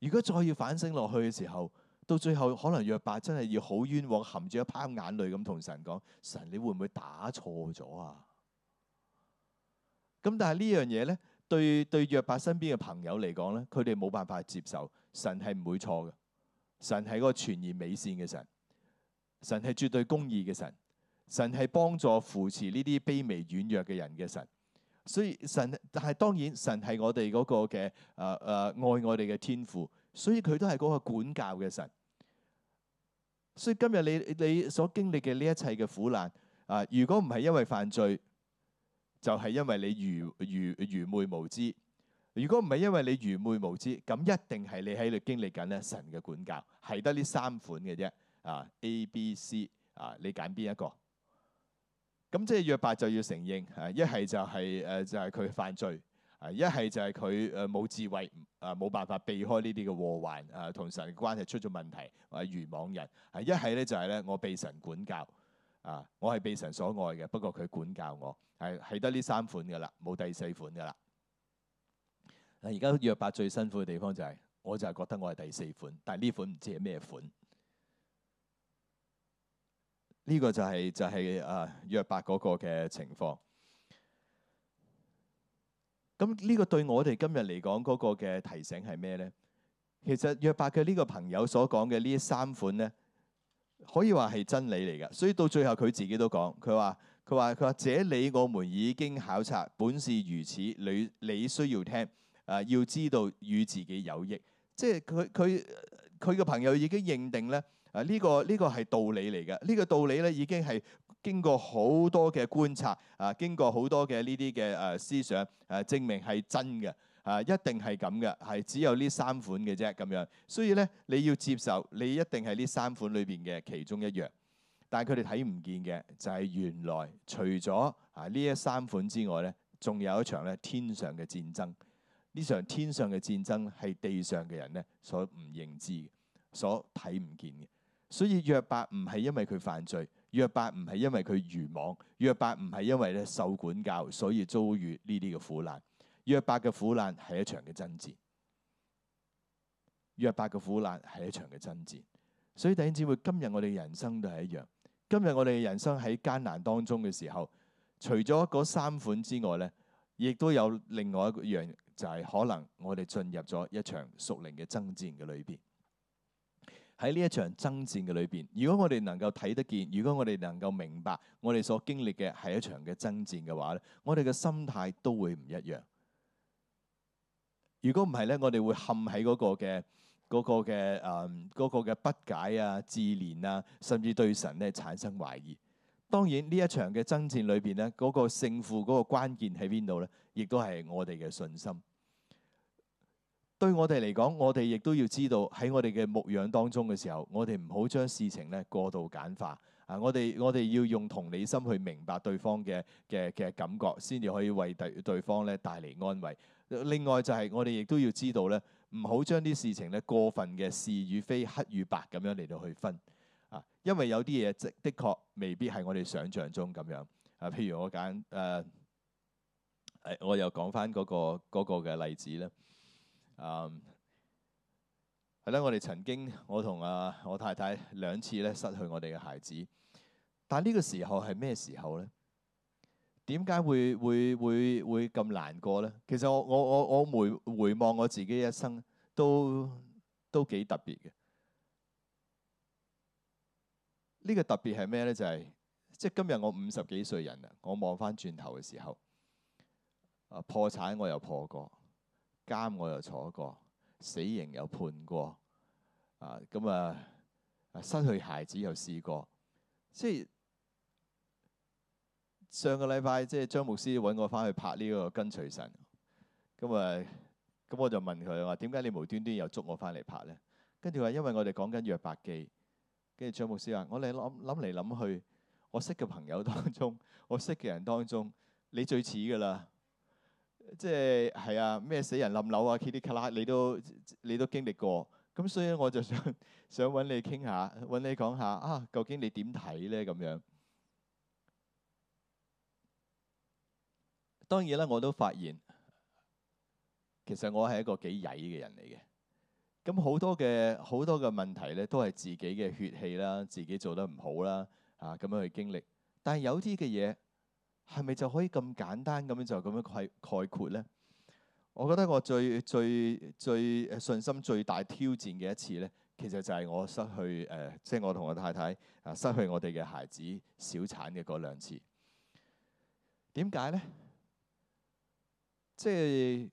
如果再要反省落去嘅時候。到最後可能約伯真係要好冤枉，含住一泡眼淚咁同神講：神你會唔會打錯咗啊？咁但係呢樣嘢，呢，對對約伯身邊嘅朋友嚟講，呢佢哋冇辦法接受。神係唔會錯嘅，神係嗰個全然美善嘅神，神係絕對公義嘅神，神係幫助扶持呢啲卑微軟弱嘅人嘅神。所以神，但係當然神係我哋嗰個嘅誒誒愛我哋嘅天父，所以佢都係嗰個管教嘅神。所以今日你你所經歷嘅呢一切嘅苦難啊，如果唔係因為犯罪，就係、是、因為你愚愚愚昧無知。如果唔係因為你愚昧無知，咁一定係你喺度經歷緊咧神嘅管教，係得呢三款嘅啫啊 A、B、C 啊，你揀邊一個？咁即係約伯就要承認，一係就係、是、誒就係、是、佢犯罪。啊！一係就係佢誒冇智慧，啊冇辦法避開呢啲嘅禍患，啊同神關係出咗問題，或者愚妄人。啊！一係咧就係咧，我被神管教，啊，我係被神所愛嘅，不過佢管教我，係係得呢三款嘅啦，冇第四款嘅啦。嗱，而家約伯最辛苦嘅地方就係，我就係覺得我係第四款，但係呢款唔知係咩款。呢個就係就係啊約伯嗰個嘅情況。咁呢個對我哋今日嚟講嗰個嘅提醒係咩咧？其實約伯嘅呢個朋友所講嘅呢三款咧，可以話係真理嚟㗎。所以到最後佢自己都講，佢話佢話佢話這理我們已經考察，本是如此，你你需要聽啊，要知道與自己有益。即係佢佢佢個朋友已經認定咧啊，呢個呢個係道理嚟嘅，呢個道理咧已經係。經過好多嘅觀察啊，經過好多嘅呢啲嘅誒思想誒，證明係真嘅啊，一定係咁嘅，係只有呢三款嘅啫咁樣。所以咧，你要接受你一定係呢三款裏邊嘅其中一樣，但係佢哋睇唔見嘅就係原來除咗啊呢一三款之外咧，仲有一場咧天上嘅戰爭。呢場天上嘅戰爭係地上嘅人咧所唔認知嘅，所睇唔見嘅。所以約伯唔係因為佢犯罪。約伯唔係因為佢愚妄，約伯唔係因為咧受管教，所以遭遇呢啲嘅苦難。約伯嘅苦難係一場嘅爭戰，約伯嘅苦難係一場嘅爭戰。所以點解只會今日我哋人生都係一樣？今日我哋人生喺艱難當中嘅時候，除咗嗰三款之外咧，亦都有另外一樣，就係可能我哋進入咗一場屬靈嘅爭戰嘅裏邊。喺呢一場爭戰嘅裏邊，如果我哋能夠睇得見，如果我哋能夠明白我哋所經歷嘅係一場嘅爭戰嘅話咧，我哋嘅心態都會唔一樣。如果唔係咧，我哋會陷喺嗰個嘅嗰個嘅誒嗰個嘅不解啊、自憐啊，甚至對神咧產生懷疑。當然呢一場嘅爭戰裏邊咧，嗰個勝負嗰個關鍵喺邊度咧？亦都係我哋嘅信心。對我哋嚟講，我哋亦都要知道喺我哋嘅牧養當中嘅時候，我哋唔好將事情咧過度簡化啊！我哋我哋要用同理心去明白對方嘅嘅嘅感覺，先至可以為對對方咧帶嚟安慰。另外就係我哋亦都要知道咧，唔好將啲事情咧過分嘅是與非、黑與白咁樣嚟到去分啊，因為有啲嘢的確未必係我哋想象中咁樣啊。譬如我揀誒誒，我又講返嗰個嗰個嘅例子咧。嗯，係啦，um，我哋曾經我同啊我太太兩次咧失去我哋嘅孩子，但係呢個時候係咩時候咧？點解會會會會咁難過咧？其實我我我我回回望我自己一生都都幾特別嘅。呢個特別係咩咧？就係即係今日我五十幾歲人啦，我望翻轉頭嘅時候，啊破產我又破過。監我又坐過，死刑又判過，啊咁啊失去孩子又試過，即係上個禮拜即係張牧師搵我翻去拍呢個跟隨神，咁啊咁我就問佢話，點解你無端端又捉我翻嚟拍咧？跟住話因為我哋講緊約伯記，跟住張牧師話我哋諗諗嚟諗去，我識嘅朋友當中，我識嘅人當中，你最似㗎啦。即係係啊，咩死人冧樓啊，噼里咔啦，你都你都經歷過。咁所以我就想想揾你傾下，揾你講下啊，究竟你點睇咧？咁樣當然啦，我都發現其實我係一個幾曳嘅人嚟嘅。咁好多嘅好多嘅問題咧，都係自己嘅血氣啦，自己做得唔好啦，啊咁樣去經歷。但係有啲嘅嘢。係咪就可以咁簡單咁樣就咁樣概概括呢？我覺得我最最最，最信心最大挑戰嘅一次呢，其實就係我失去誒，即係我同我太太啊，失去我哋嘅孩子小產嘅嗰兩次。點解呢？即係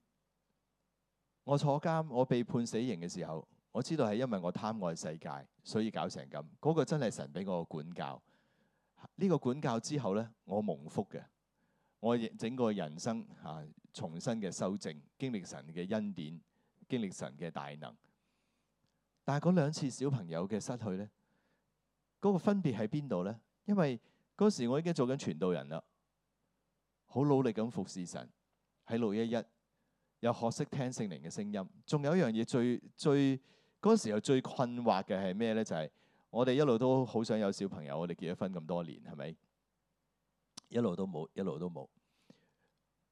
我坐監，我被判死刑嘅時候，我知道係因為我貪愛世界，所以搞成咁。嗰個真係神俾我管教。呢個管教之後呢，我蒙福嘅，我亦整個人生嚇、啊、重新嘅修正，經歷神嘅恩典，經歷神嘅大能。但係嗰兩次小朋友嘅失去呢，嗰、嗰個分別喺邊度呢？因為嗰時我已經做緊傳道人啦，好努力咁服侍神喺六一一，又學識聽聖靈嘅聲音。仲有一樣嘢最最嗰陣時最，最困惑嘅係咩呢？就係、係我哋一路都好想有小朋友，我哋結咗婚咁多年，係咪一路都冇，一路都冇？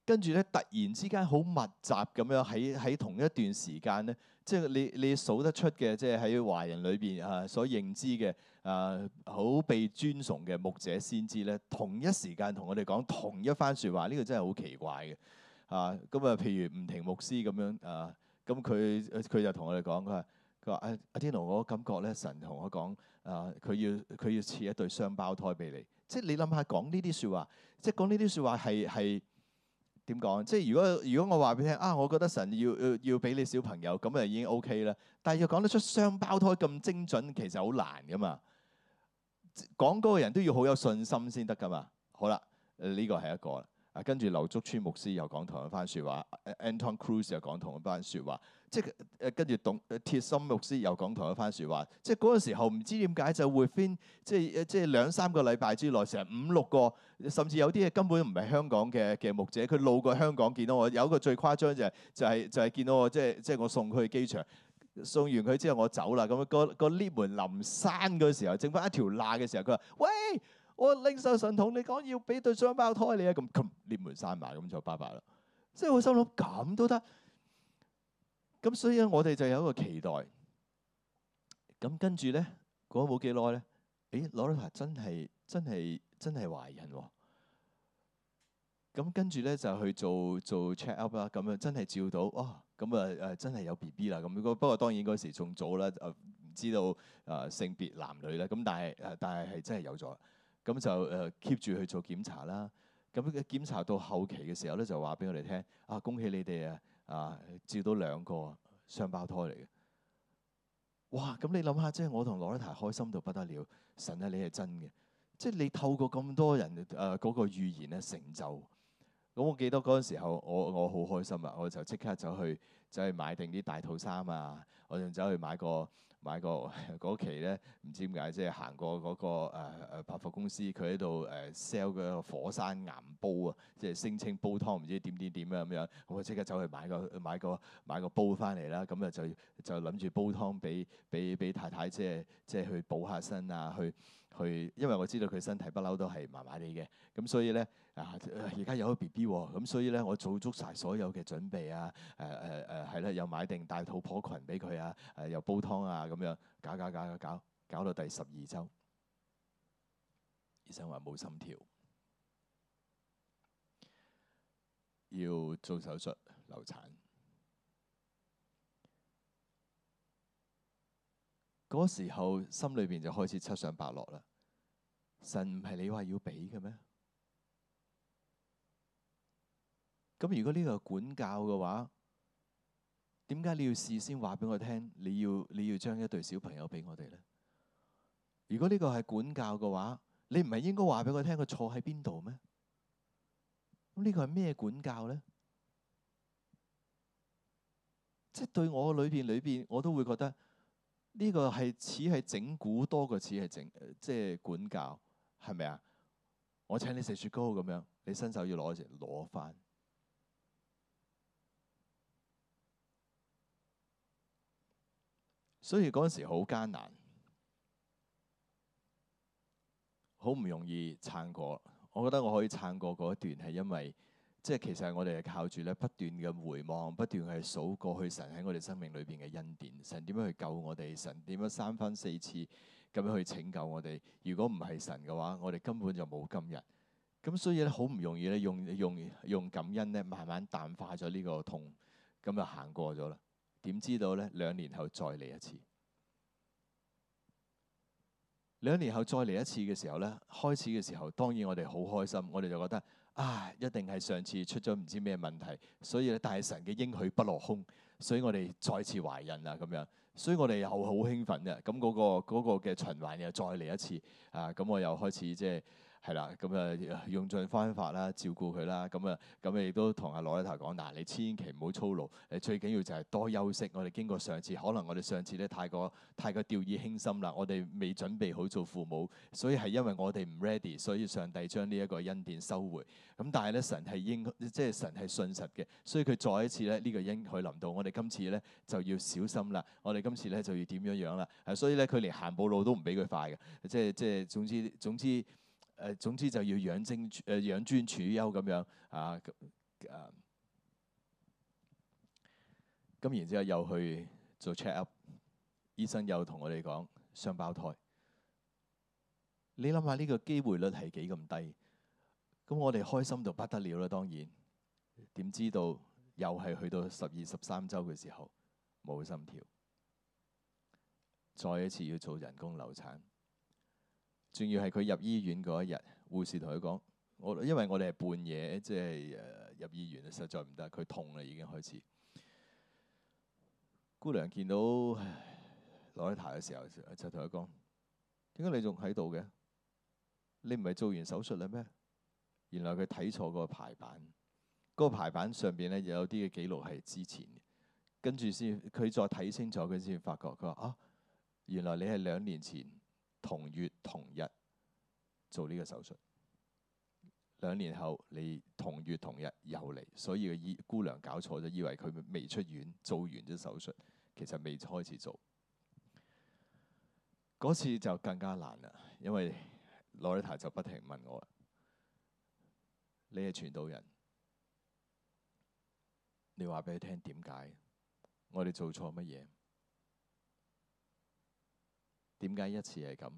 跟住咧，突然之間好密集咁樣喺喺同一段時間咧，即係你你數得出嘅，即係喺華人裏邊啊所認知嘅啊好被尊崇嘅牧者先知咧，同一時間同我哋講同一番説話，呢個真係好奇怪嘅啊！咁、嗯、啊，譬如吳亭牧師咁樣啊，咁佢佢就同我哋講，佢話。個阿阿 Adino，我感覺咧，神同我講：誒、呃，佢要佢要設一對雙胞胎俾你。即係你諗下，講呢啲説話，即係講呢啲説話係係點講？即係如果如果我話俾你聽，啊，我覺得神要要要俾你小朋友，咁啊已經 OK 啦。但係要講得出雙胞胎咁精準，其實好難噶嘛。講嗰個人都要好有信心先得噶嘛。好啦，呢個係一個啦。啊，跟住劉竹川牧師又講同一番説話，Anton Cruz 又講同一番説話。即誒，跟住董鐵心牧師又講同一番説話，即係嗰陣時候唔知點解就會變，即係即係兩三個禮拜之內成五六個，甚至有啲嘢根本唔係香港嘅嘅牧者，佢路過香港見到我。有一個最誇張就係就係就係見到我，即係即係我送佢去機場，送完佢之後我走啦。咁個個 lift 門臨閂嗰時候，剩翻一條罅嘅時候，佢話，喂，我領受神同你講要俾對雙胞胎你啊！咁咁 lift 門閂埋，咁就拜拜啦。即係我心諗咁都得。咁所以咧，我哋就有一個期待。咁跟住咧，過咗冇幾耐咧，誒，羅拉真係真係真係懷孕喎、哦。咁跟住咧就去做做 check up 啦，咁樣真係照到，哦，咁啊誒，真係有 B B 啦。咁不過不過當然嗰時仲早啦，誒唔知道誒、呃、性別男女咧。咁但係誒但係係真係有咗。咁就誒 keep 住去做檢查啦。咁檢查到後期嘅時候咧，就話俾我哋聽，啊恭喜你哋啊！啊！照到兩個雙胞胎嚟嘅，哇！咁你諗下，即係我同羅一泰開心到不得了，神啊！你係真嘅，即係你透過咁多人誒嗰、呃那個預言咧成就。咁我記得嗰陣時候，我我好開心啊！我就即刻走去，就去買定啲大肚衫啊！我仲走去買個，買個嗰期咧，唔知點解，即係行過嗰個誒誒百貨公司，佢喺度誒 sell 嘅一個火山岩煲啊，即係聲稱煲湯唔知點點點嘅咁樣，我即刻走去買個買個買個煲翻嚟啦，咁啊就就諗住煲湯俾俾俾太太，即係即係去補下身啊，去。去，因為我知道佢身體不嬲都係麻麻地嘅，咁所以咧啊，而家有咗 BB 喎，咁所以咧我做足晒所有嘅準備啊，誒誒誒係啦，又買定大肚婆裙俾佢啊，誒、啊、又煲湯啊，咁樣搞搞搞搞搞，搞到第十二週，醫生話冇心跳，要做手術流產。嗰時候心裏邊就開始七上八落啦。神唔係你話要俾嘅咩？咁如果呢個係管教嘅話，點解你要事先話俾我聽，你要你要將一對小朋友俾我哋咧？如果呢個係管教嘅話，你唔係應該話俾我聽佢錯喺邊度咩？咁呢個係咩管教咧？即係對我裏邊裏邊，我都會覺得。呢個係似係整蠱多過似係整，呃、即係管教，係咪啊？我請你食雪糕咁樣，你伸手要攞就攞返。所以嗰陣時好艱難，好唔容易撐過。我覺得我可以撐過嗰一段係因為。即係其實我哋係靠住咧不斷嘅回望，不斷去數過去神喺我哋生命裏邊嘅恩典，神點樣去救我哋？神點樣三番四次咁樣去拯救我哋？如果唔係神嘅話，我哋根本就冇今日。咁所以咧，好唔容易咧，用用用感恩咧，慢慢淡化咗呢個痛，咁就行過咗啦。點知道咧？兩年後再嚟一次，兩年後再嚟一次嘅時候咧，開始嘅時候當然我哋好開心，我哋就覺得。啊！一定係上次出咗唔知咩問題，所以咧，但神嘅應許不落空，所以我哋再次懷孕啦咁樣，所以我哋又好興奮呀，咁嗰、嗰個嘅、嗰個、循環又再嚟一次啊！咁我又開始即係。係啦，咁誒、嗯、用盡方法啦，照顧佢啦，咁誒咁誒，亦、嗯嗯、都同阿羅姨頭講，嗱、啊，你千祈唔好操勞，你最緊要就係多休息。我哋經過上次，可能我哋上次咧太過太過掉以輕心啦，我哋未準備好做父母，所以係因為我哋唔 ready，所以上帝將呢一個恩典收回。咁、嗯、但係咧，神係應即係神係信實嘅，所以佢再一次咧呢、呢個應許臨到，我哋今次咧就要小心啦，我哋今次咧就要點樣樣啦、嗯。所以咧，佢連行步路都唔俾佢快嘅，即係即係，總之總之。總之誒總之就要養精誒、呃、養尊處優咁樣啊咁、啊啊、然之後又去做 check up，醫生又同我哋講雙胞胎，你諗下呢個機會率係幾咁低？咁我哋開心到不得了啦，當然點知道又係去到十二十三週嘅時候冇心跳，再一次要做人工流產。仲要係佢入醫院嗰一日，護士同佢講：我因為我哋係半夜，即係誒入醫院，實在唔得，佢痛啦已經開始，已經開始。姑娘見到唉，攞起台嘅時候，就同佢講：點解你仲喺度嘅？你唔係做完手術啦咩？原來佢睇錯個排版，嗰、嗰個排版上邊咧有啲嘅記錄係之前。跟住先佢再睇清楚，佢先發覺佢話：啊，原來你係兩年前。同月同日做呢個手術，兩年後你同月同日又嚟，所以個醫姑娘搞錯咗，以為佢未出院做完咗手術，其實未開始做。嗰次就更加難啦，因為羅麗塔就不停問我，你係傳道人，你話俾佢聽點解？我哋做錯乜嘢？點解一次係咁，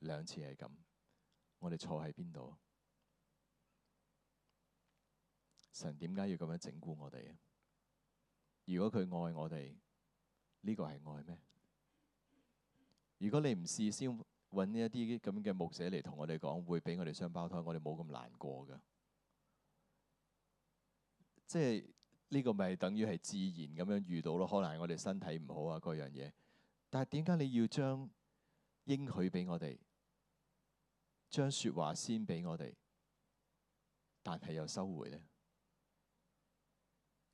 兩次係咁？我哋錯喺邊度？神點解要咁樣整蠱我哋啊？如果佢愛我哋，呢個係愛咩？如果你唔試先揾呢一啲咁嘅牧者嚟同我哋講，會俾我哋雙胞胎，我哋冇咁難過噶。即係呢個咪等於係自然咁樣遇到咯？可能係我哋身體唔好啊，各樣嘢。但係點解你要將，應許俾我哋，將説話先俾我哋，但係又收回呢。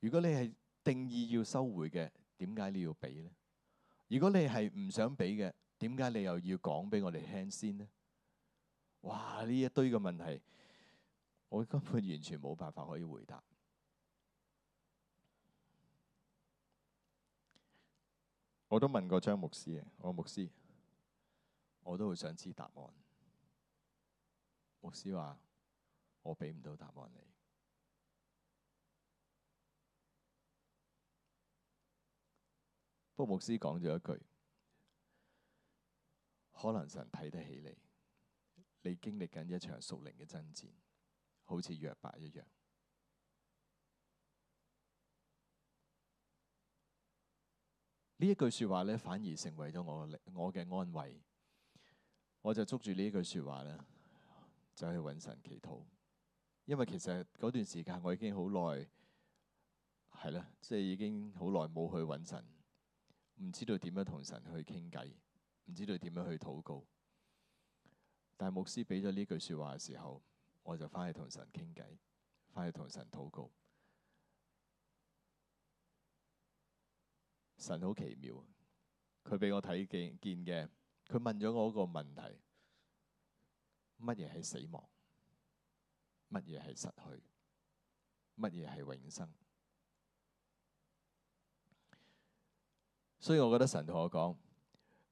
如果你係定意要收回嘅，點解你要俾呢？如果你係唔想俾嘅，點解你又要講俾我哋聽先呢？哇！呢一堆嘅問題，我根本完全冇辦法可以回答。我都問過張牧師嘅，我牧師。我都好想知答案。牧師話：我畀唔到答案你。不過牧師講咗一句：可能神睇得起你，你經歷緊一場屬靈嘅爭戰，好似約伯一樣。呢一句說話咧，反而成為咗我我嘅安慰。我就捉住呢句說話咧，就去揾神祈禱，因為其實嗰段時間我已經好耐係啦，即係、就是、已經好耐冇去揾神，唔知道點樣同神去傾偈，唔知道點樣去禱告。但係牧師俾咗呢句說話嘅時候，我就翻去同神傾偈，翻去同神禱告。神好奇妙，佢俾我睇見見嘅。佢問咗我個問題：乜嘢係死亡？乜嘢係失去？乜嘢係永生？所以我覺得神同我講：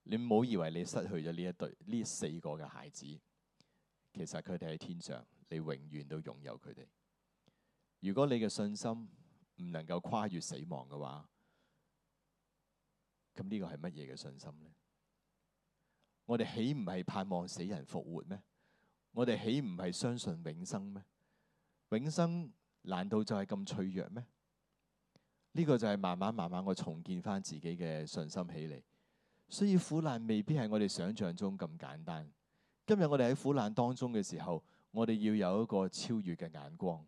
你唔好以為你失去咗呢一對、呢四個嘅孩子，其實佢哋喺天上，你永遠都擁有佢哋。如果你嘅信心唔能夠跨越死亡嘅話，咁呢個係乜嘢嘅信心呢？」我哋豈唔係盼望死人復活咩？我哋豈唔係相信永生咩？永生難道就係咁脆弱咩？呢個就係慢慢慢慢我重建翻自己嘅信心起嚟。所以苦難未必係我哋想象中咁簡單。今日我哋喺苦難當中嘅時候，我哋要有一個超越嘅眼光。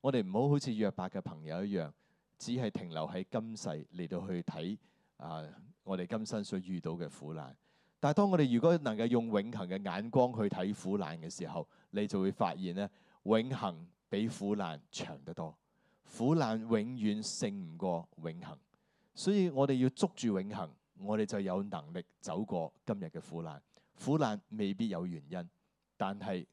我哋唔好好似約伯嘅朋友一樣，只係停留喺今世嚟到去睇啊我哋今生所遇到嘅苦難。但係當我哋如果能夠用永恆嘅眼光去睇苦難嘅時候，你就會發現咧，永恆比苦難長得多。苦難永遠勝唔過永恆，所以我哋要捉住永恆，我哋就有能力走過今日嘅苦難。苦難未必有原因，但係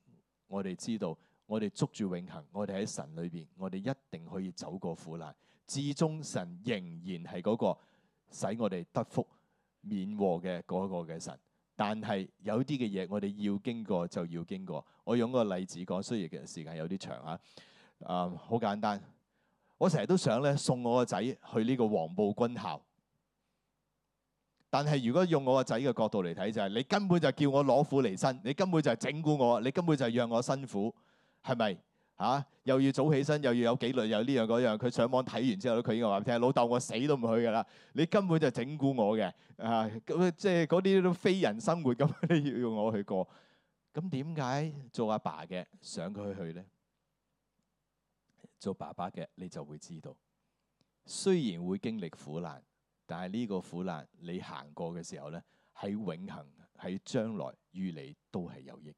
我哋知道，我哋捉住永恆，我哋喺神裏邊，我哋一定可以走過苦難。至終神仍然係嗰個使我哋得福免禍嘅嗰個嘅神，但係有啲嘅嘢我哋要經過就要經過。我用個例子講，雖然其實時間有啲長啊，啊好簡單。我成日都想咧送我個仔去呢個黃埔軍校，但係如果用我個仔嘅角度嚟睇就係，是，你根本就叫我攞苦嚟辛，你根本就係整蠱我，你根本就係讓我辛苦，係咪？嚇、啊！又要早起身，又要有紀律，又呢樣嗰樣。佢上網睇完之後咧，佢應該話俾聽：老豆，我死都唔去噶啦！你根本就整蠱我嘅啊！即係嗰啲非人生活咁，你 (laughs) 要我去過咁。點解做阿爸嘅想佢去呢？做爸爸嘅你就會知道，雖然會經歷苦難，但係呢個苦難你行過嘅時候呢，喺永恆喺將來於你都係有益。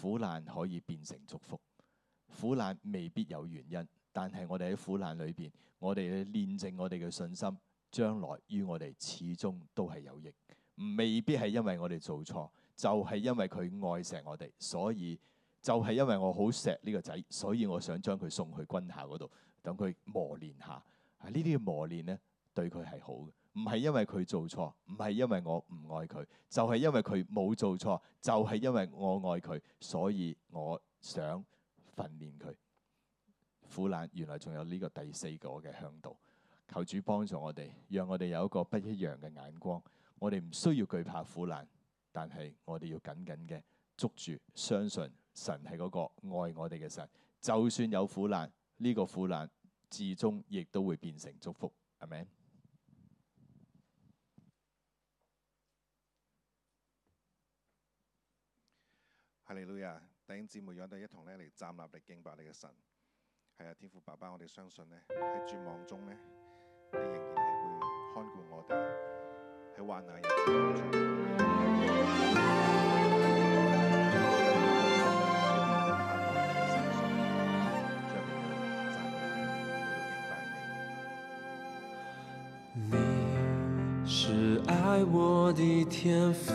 苦難可以變成祝福。苦難未必有原因，但係我哋喺苦難裏邊，我哋去煉淨我哋嘅信心，將來於我哋始終都係有益。未必係因為我哋做錯，就係、是、因為佢愛錫我哋，所以就係因為我好錫呢個仔，所以我想將佢送去軍校嗰度，等佢磨練下。練呢啲磨練咧對佢係好，嘅，唔係因為佢做錯，唔係因為我唔愛佢，就係、是、因為佢冇做錯，就係、是、因為我愛佢，所以我想。訓練佢苦難，原來仲有呢個第四個嘅向導。求主幫助我哋，讓我哋有一個不一樣嘅眼光。我哋唔需要懼怕苦難，但係我哋要緊緊嘅捉住，相信神係嗰個愛我哋嘅神。就算有苦難，呢個苦難至終亦都會變成祝福。阿門。哈利路亞。弟兄姊妹，讓我哋一同咧嚟站立嚟敬拜你嘅神。係啊，天父爸爸，我哋相信呢，喺絕望中呢，你仍然係會看顧我哋喺患難日子中。你是愛我的天父。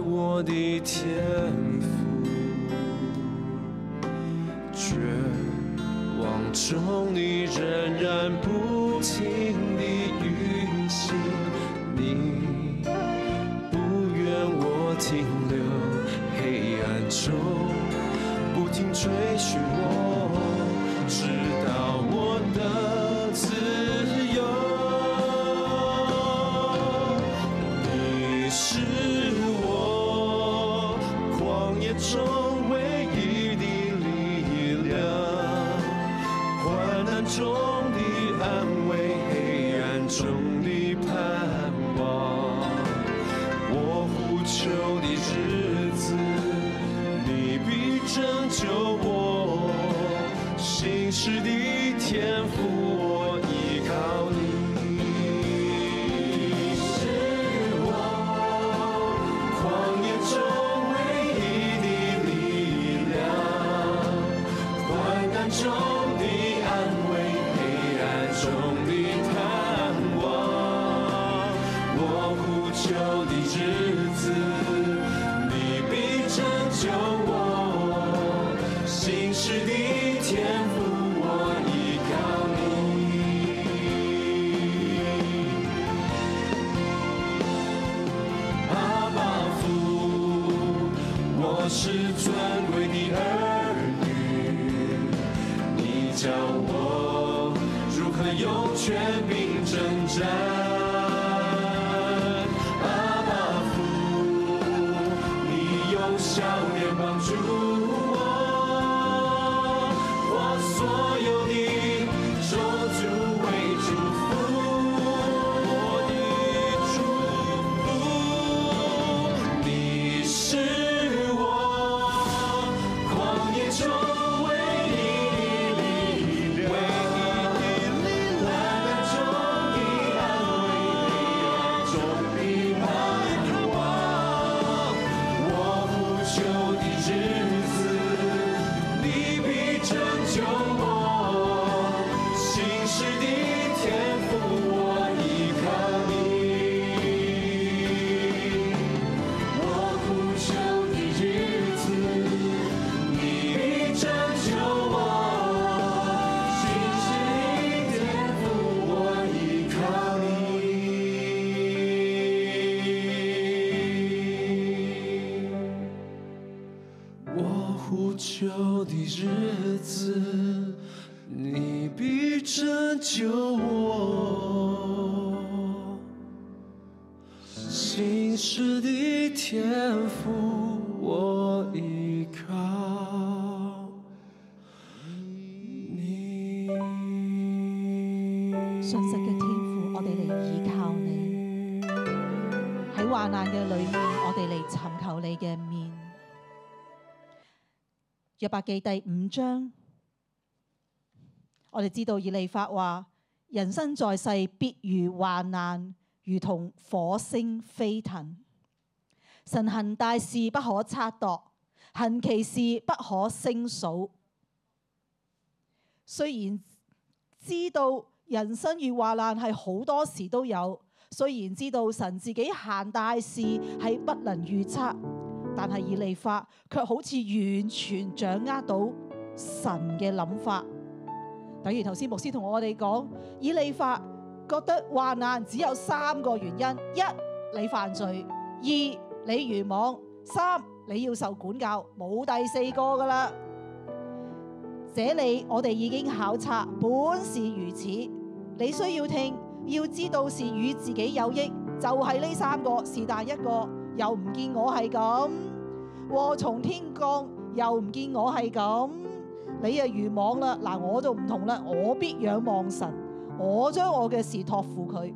我的天賦，絕望中你仍然不棄。信實嘅天父，我哋嚟倚靠你；喺患難嘅裏面，我哋嚟尋求你嘅面。約伯記第五章，我哋知道以利法話：人生在世，必如患難，如同火星飛騰。神行大事不可測度，行其事不可勝數。雖然知道。人生遇患難係好多時都有，雖然知道神自己行大事係不能預測，但係以利法卻好似完全掌握到神嘅諗法。等於頭先牧師同我哋講，以利法覺得患難只有三個原因：一你犯罪，二你愚妄，三你要受管教，冇第四個㗎啦。這裏我哋已經考察，本是如此。你需要聽，要知道是與自己有益，就係、是，呢三個是但一個又唔見我係咁禍從天降，又唔見我係咁你啊如網啦嗱，我就唔同啦，我必仰望神，我將我嘅事託付佢。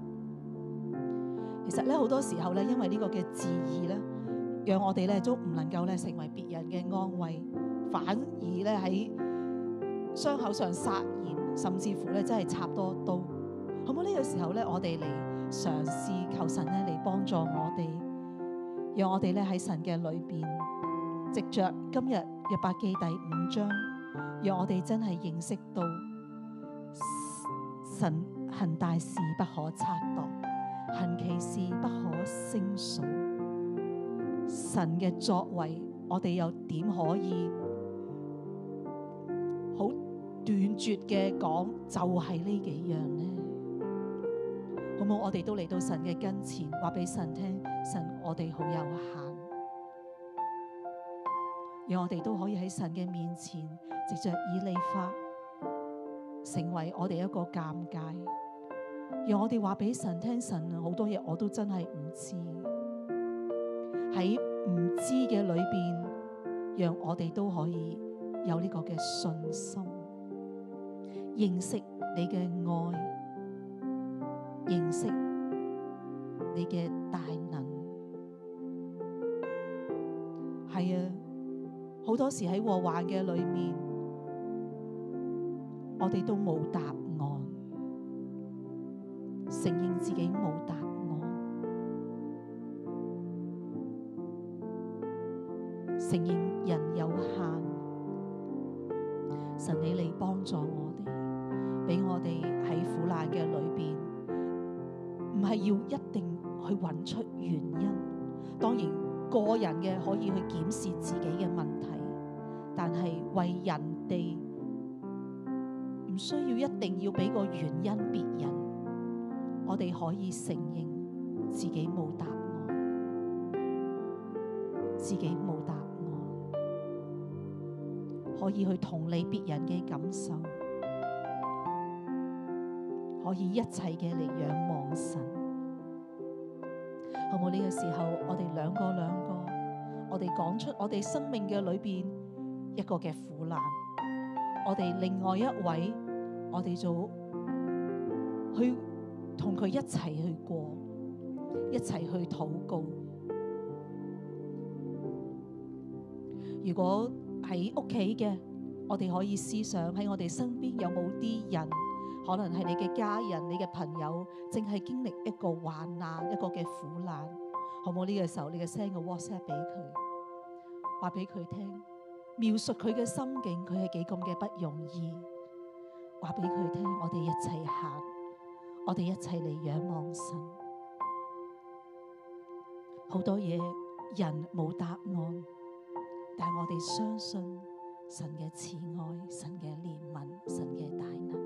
其實咧，好多時候咧，因為呢個嘅自意咧，讓我哋咧都唔能夠咧成為別人嘅安慰，反而咧喺。傷口上撒鹽，甚至乎咧，真係插多刀，好冇呢、呢個時候咧，我哋嚟嘗試求神咧，嚟幫助我哋，讓我哋咧喺神嘅裏邊，藉着今日約伯記第五章，讓我哋真係認識到神行大事不可測度，行其事不可勝數，神嘅作為，我哋又點可以？好斷絕嘅講就係呢幾樣呢。好冇？我哋都嚟到神嘅跟前，話俾神聽，神我哋好有限，讓我哋都可以喺神嘅面前，藉着以利法成為我哋一個尷尬，讓我哋話俾神聽，神好多嘢我都真係唔知，喺唔知嘅裏邊，讓我哋都可以。有呢個嘅信心，認識你嘅愛，認識你嘅大能。係啊，好多時喺禍患嘅裏面，我哋都冇答案，承認自己冇答案，承認人有限。神，你嚟幫助我哋，俾我哋喺苦難嘅裏邊，唔係要一定去揾出原因。當然，個人嘅可以去檢視自己嘅問題，但係為人哋唔需要一定要俾個原因別人。我哋可以承認自己冇答案，自己冇答。可以去同理別人嘅感受，可以一齊嚟仰望神，好冇呢？這個時候，我哋兩個兩個，我哋講出我哋生命嘅裏邊一個嘅苦難，我哋另外一位，我哋就去同佢一齊去過，一齊去禱告。如果喺屋企嘅，我哋可以思想喺我哋身邊有冇啲人，可能係你嘅家人、你嘅朋友，正係經歷一個患難、一個嘅苦難，好冇，呢個時候你個，你嘅 send 個 WhatsApp 俾佢，話俾佢聽，描述佢嘅心境，佢係幾咁嘅不容易，話俾佢聽，我哋一齊行，我哋一齊嚟仰望神，好多嘢人冇答案。但我哋相信神嘅慈愛、神嘅憐憫、神嘅大能。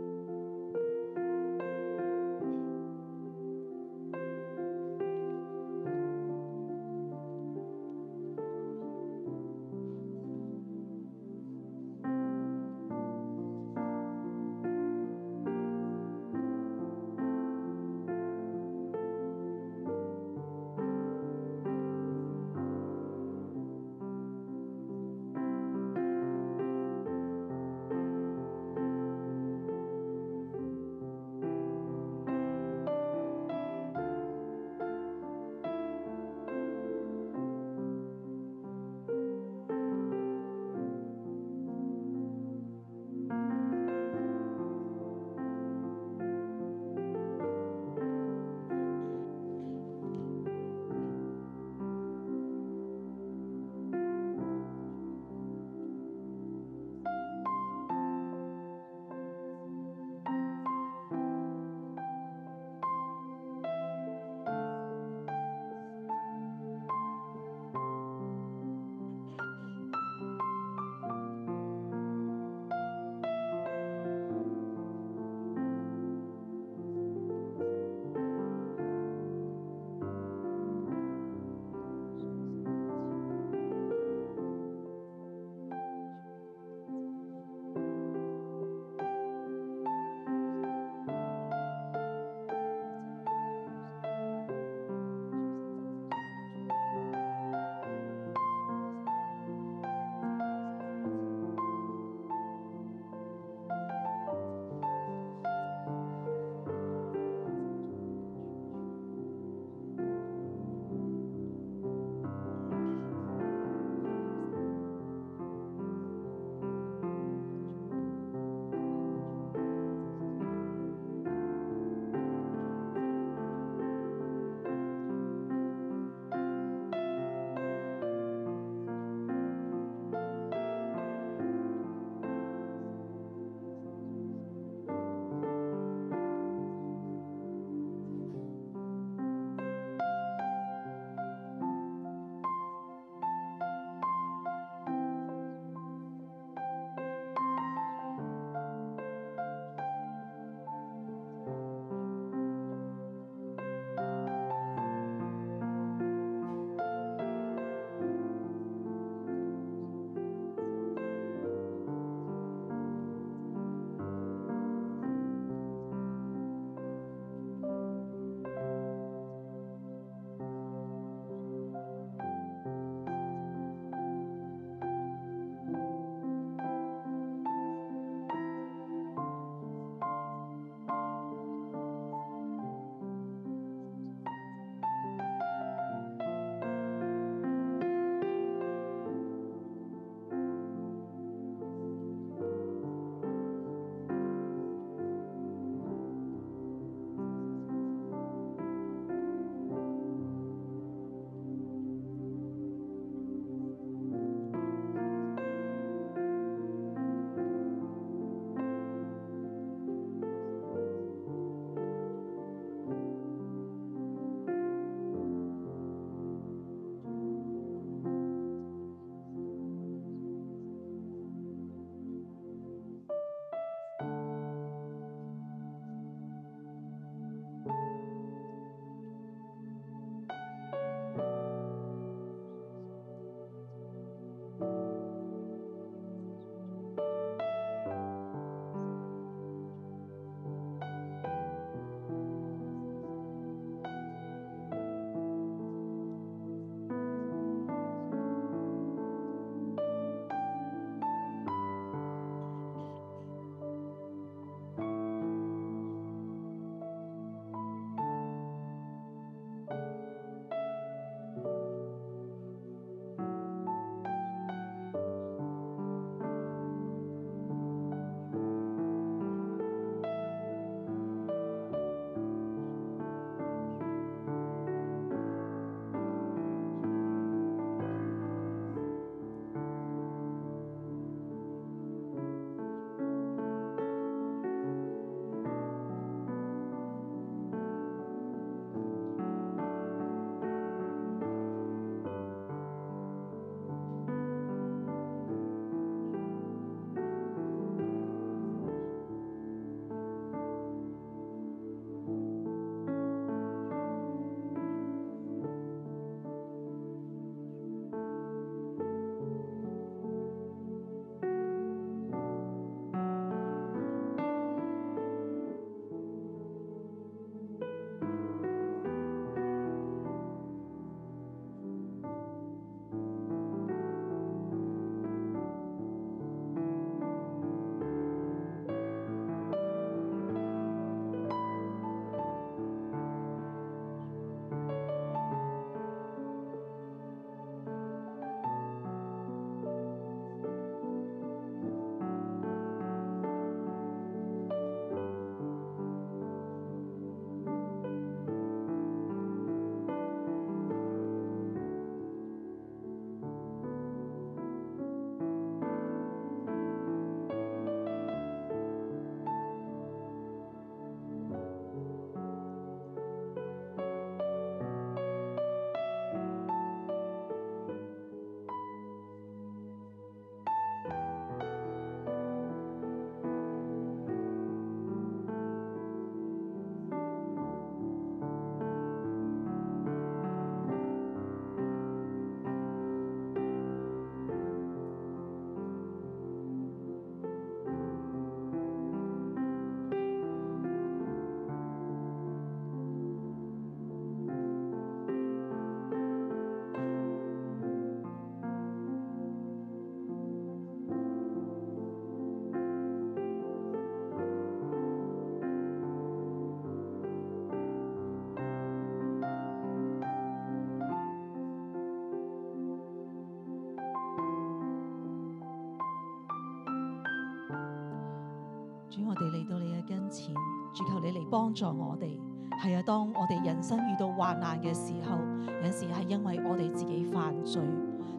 主，求你嚟幫助我哋，係啊！當我哋人生遇到患難嘅時候，有時係因為我哋自己犯罪，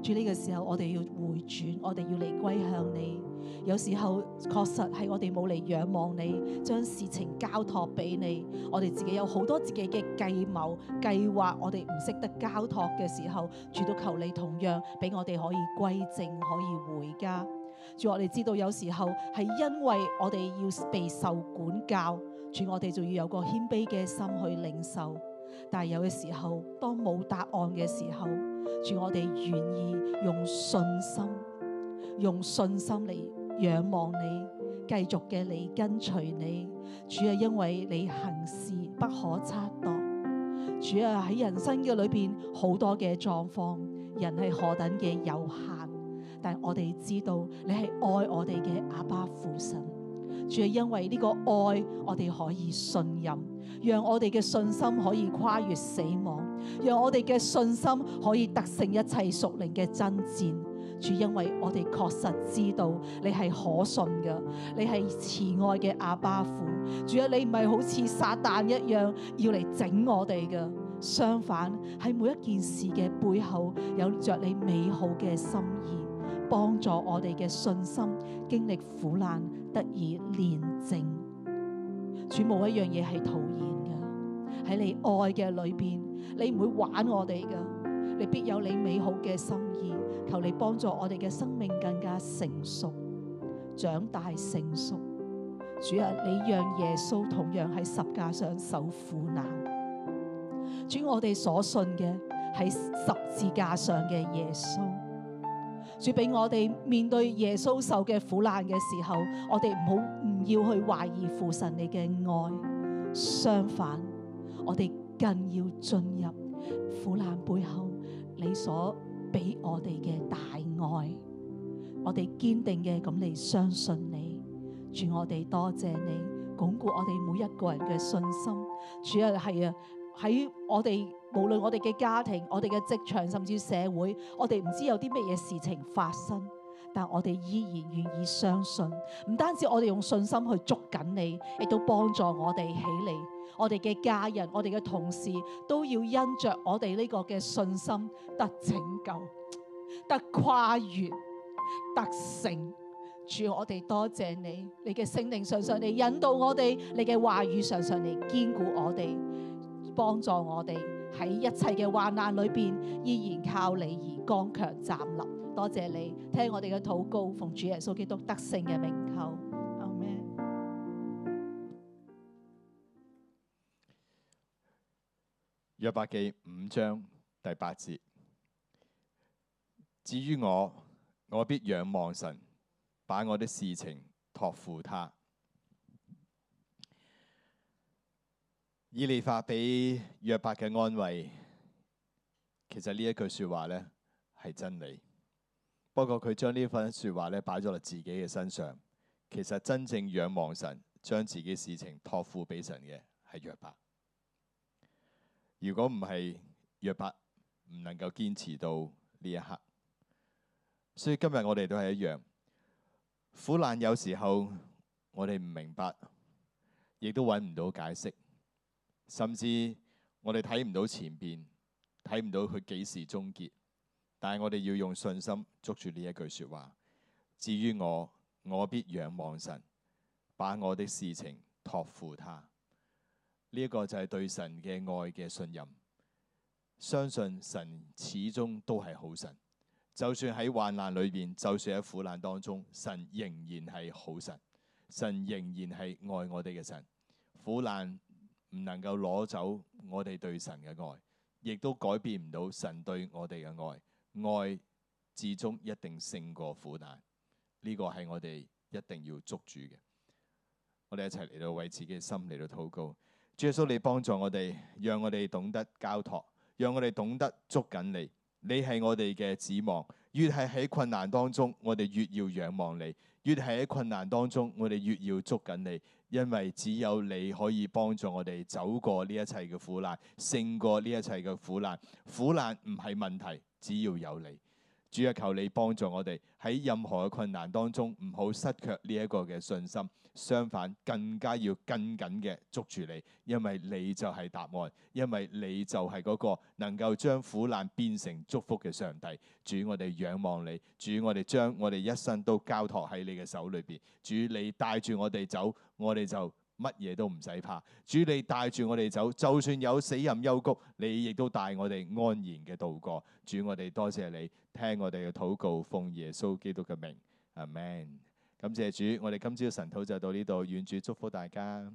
主，呢個時候我哋要回轉，我哋要嚟歸向你。有時候確實係我哋冇嚟仰望你，將事情交託俾你，我哋自己有好多自己嘅計謀計劃，計劃我哋唔識得交託嘅時候，主都求你同樣俾我哋可以歸正，可以回家。主，我哋知道有時候係因為我哋要備受管教，主，我哋就要有個謙卑嘅心去領受。但係有嘅時候，當冇答案嘅時候，主，我哋願意用信心，用信心嚟仰望你，繼續嘅你跟隨你。主係因為你行事不可測度。主啊，喺人生嘅裏邊好多嘅狀況，人係何等嘅有限。但我哋知道你係愛我哋嘅阿爸父神，主係因為呢個愛，我哋可以信任，讓我哋嘅信心可以跨越死亡，讓我哋嘅信心可以得勝一切屬靈嘅爭戰。主，因為我哋確實知道你係可信嘅，你係慈愛嘅阿爸父。主啊，你唔係好似撒旦一樣要嚟整我哋嘅，相反喺每一件事嘅背後有着你美好嘅心意。幫助我哋嘅信心經歷苦難得以煉淨，主，冇一樣嘢係徒然噶。喺你愛嘅裏邊，你唔會玩我哋噶，你必有你美好嘅心意。求你幫助我哋嘅生命更加成熟，長大成熟。主啊，你讓耶穌同樣喺十架上受苦難。主，我哋所信嘅係十字架上嘅耶穌。主俾我哋面對耶穌受嘅苦難嘅時候，我哋唔好唔要去懷疑父神你嘅愛，相反，我哋更要進入苦難背後你所俾我哋嘅大愛，我哋堅定嘅咁嚟相信你，主，我哋多謝、謝你，鞏固我哋每一個人嘅信心，主啊，係啊，喺我哋。無論我哋嘅家庭、我哋嘅職場，甚至社會，我哋唔知有啲乜嘢事情發生，但我哋依然願意相信。唔單止我哋用信心去捉緊你，亦都幫助我哋起嚟。我哋嘅家人、我哋嘅同事都要因着我哋呢個嘅信心得拯救、得跨越、得成。主，我哋多謝你，你嘅聖靈常常嚟引導我哋，你嘅話語常常嚟堅固我哋，幫助我哋。喺一切嘅患難裏邊，依然靠你而剛強站立。多謝你聽我哋嘅禱告，奉主耶穌基督得勝嘅名求。阿門。約伯記五章第八節：至於我，我必仰望神，把我的事情託付他。以利法俾約伯嘅安慰，其實呢一句說話呢係真理。不過佢將呢份說話呢擺咗落自己嘅身上，其實真正仰望神，將自己事情託付俾神嘅係約伯。如果唔係約伯唔能夠堅持到呢一刻，所以今日我哋都係一樣，苦難有時候我哋唔明白，亦都揾唔到解釋。甚至我哋睇唔到前邊，睇唔到佢幾時終結，但係我哋要用信心捉住呢一句說話。至於我，我必仰望神，把我的事情託付他。呢一個就係對神嘅愛嘅信任，相信神始終都係好神。就算喺患難裏邊，就算喺苦難當中，神仍然係好神，神仍然係愛我哋嘅神。苦難唔能夠攞走我哋對神嘅愛，亦都改變唔到神對我哋嘅愛。愛至終一定勝過苦難，呢個係我哋一定要捉住嘅。我哋一齊嚟到為自己嘅心嚟到禱告。主耶穌，你幫助我哋，讓我哋懂得交託，讓我哋懂得捉緊你。你係我哋嘅指望。越係喺困難當中，我哋越要仰望你；越係喺困難當中，我哋越要捉緊你。因為只有你可以幫助我哋走過呢一切嘅苦難，勝過呢一切嘅苦難，苦難唔係問題，只要有你。主啊，求你幫助我哋喺任何嘅困難當中，唔好失卻呢一個嘅信心，相反更加要跟緊嘅捉住你，因為你就係答案，因為你就係嗰個能夠將苦難變成祝福嘅上帝。主，我哋仰望你，主，我哋將我哋一生都交託喺你嘅手裏邊。主，你帶住我哋走，我哋就。乜嘢都唔使怕，主，你帶住我哋走，就算有死蔭幽谷，你亦都帶我哋安然嘅度過。主，我哋多謝你，聽我哋嘅禱告，奉耶穌基督嘅名，阿門。感謝主，我哋今朝嘅晨禱就到呢度，願主祝福大家。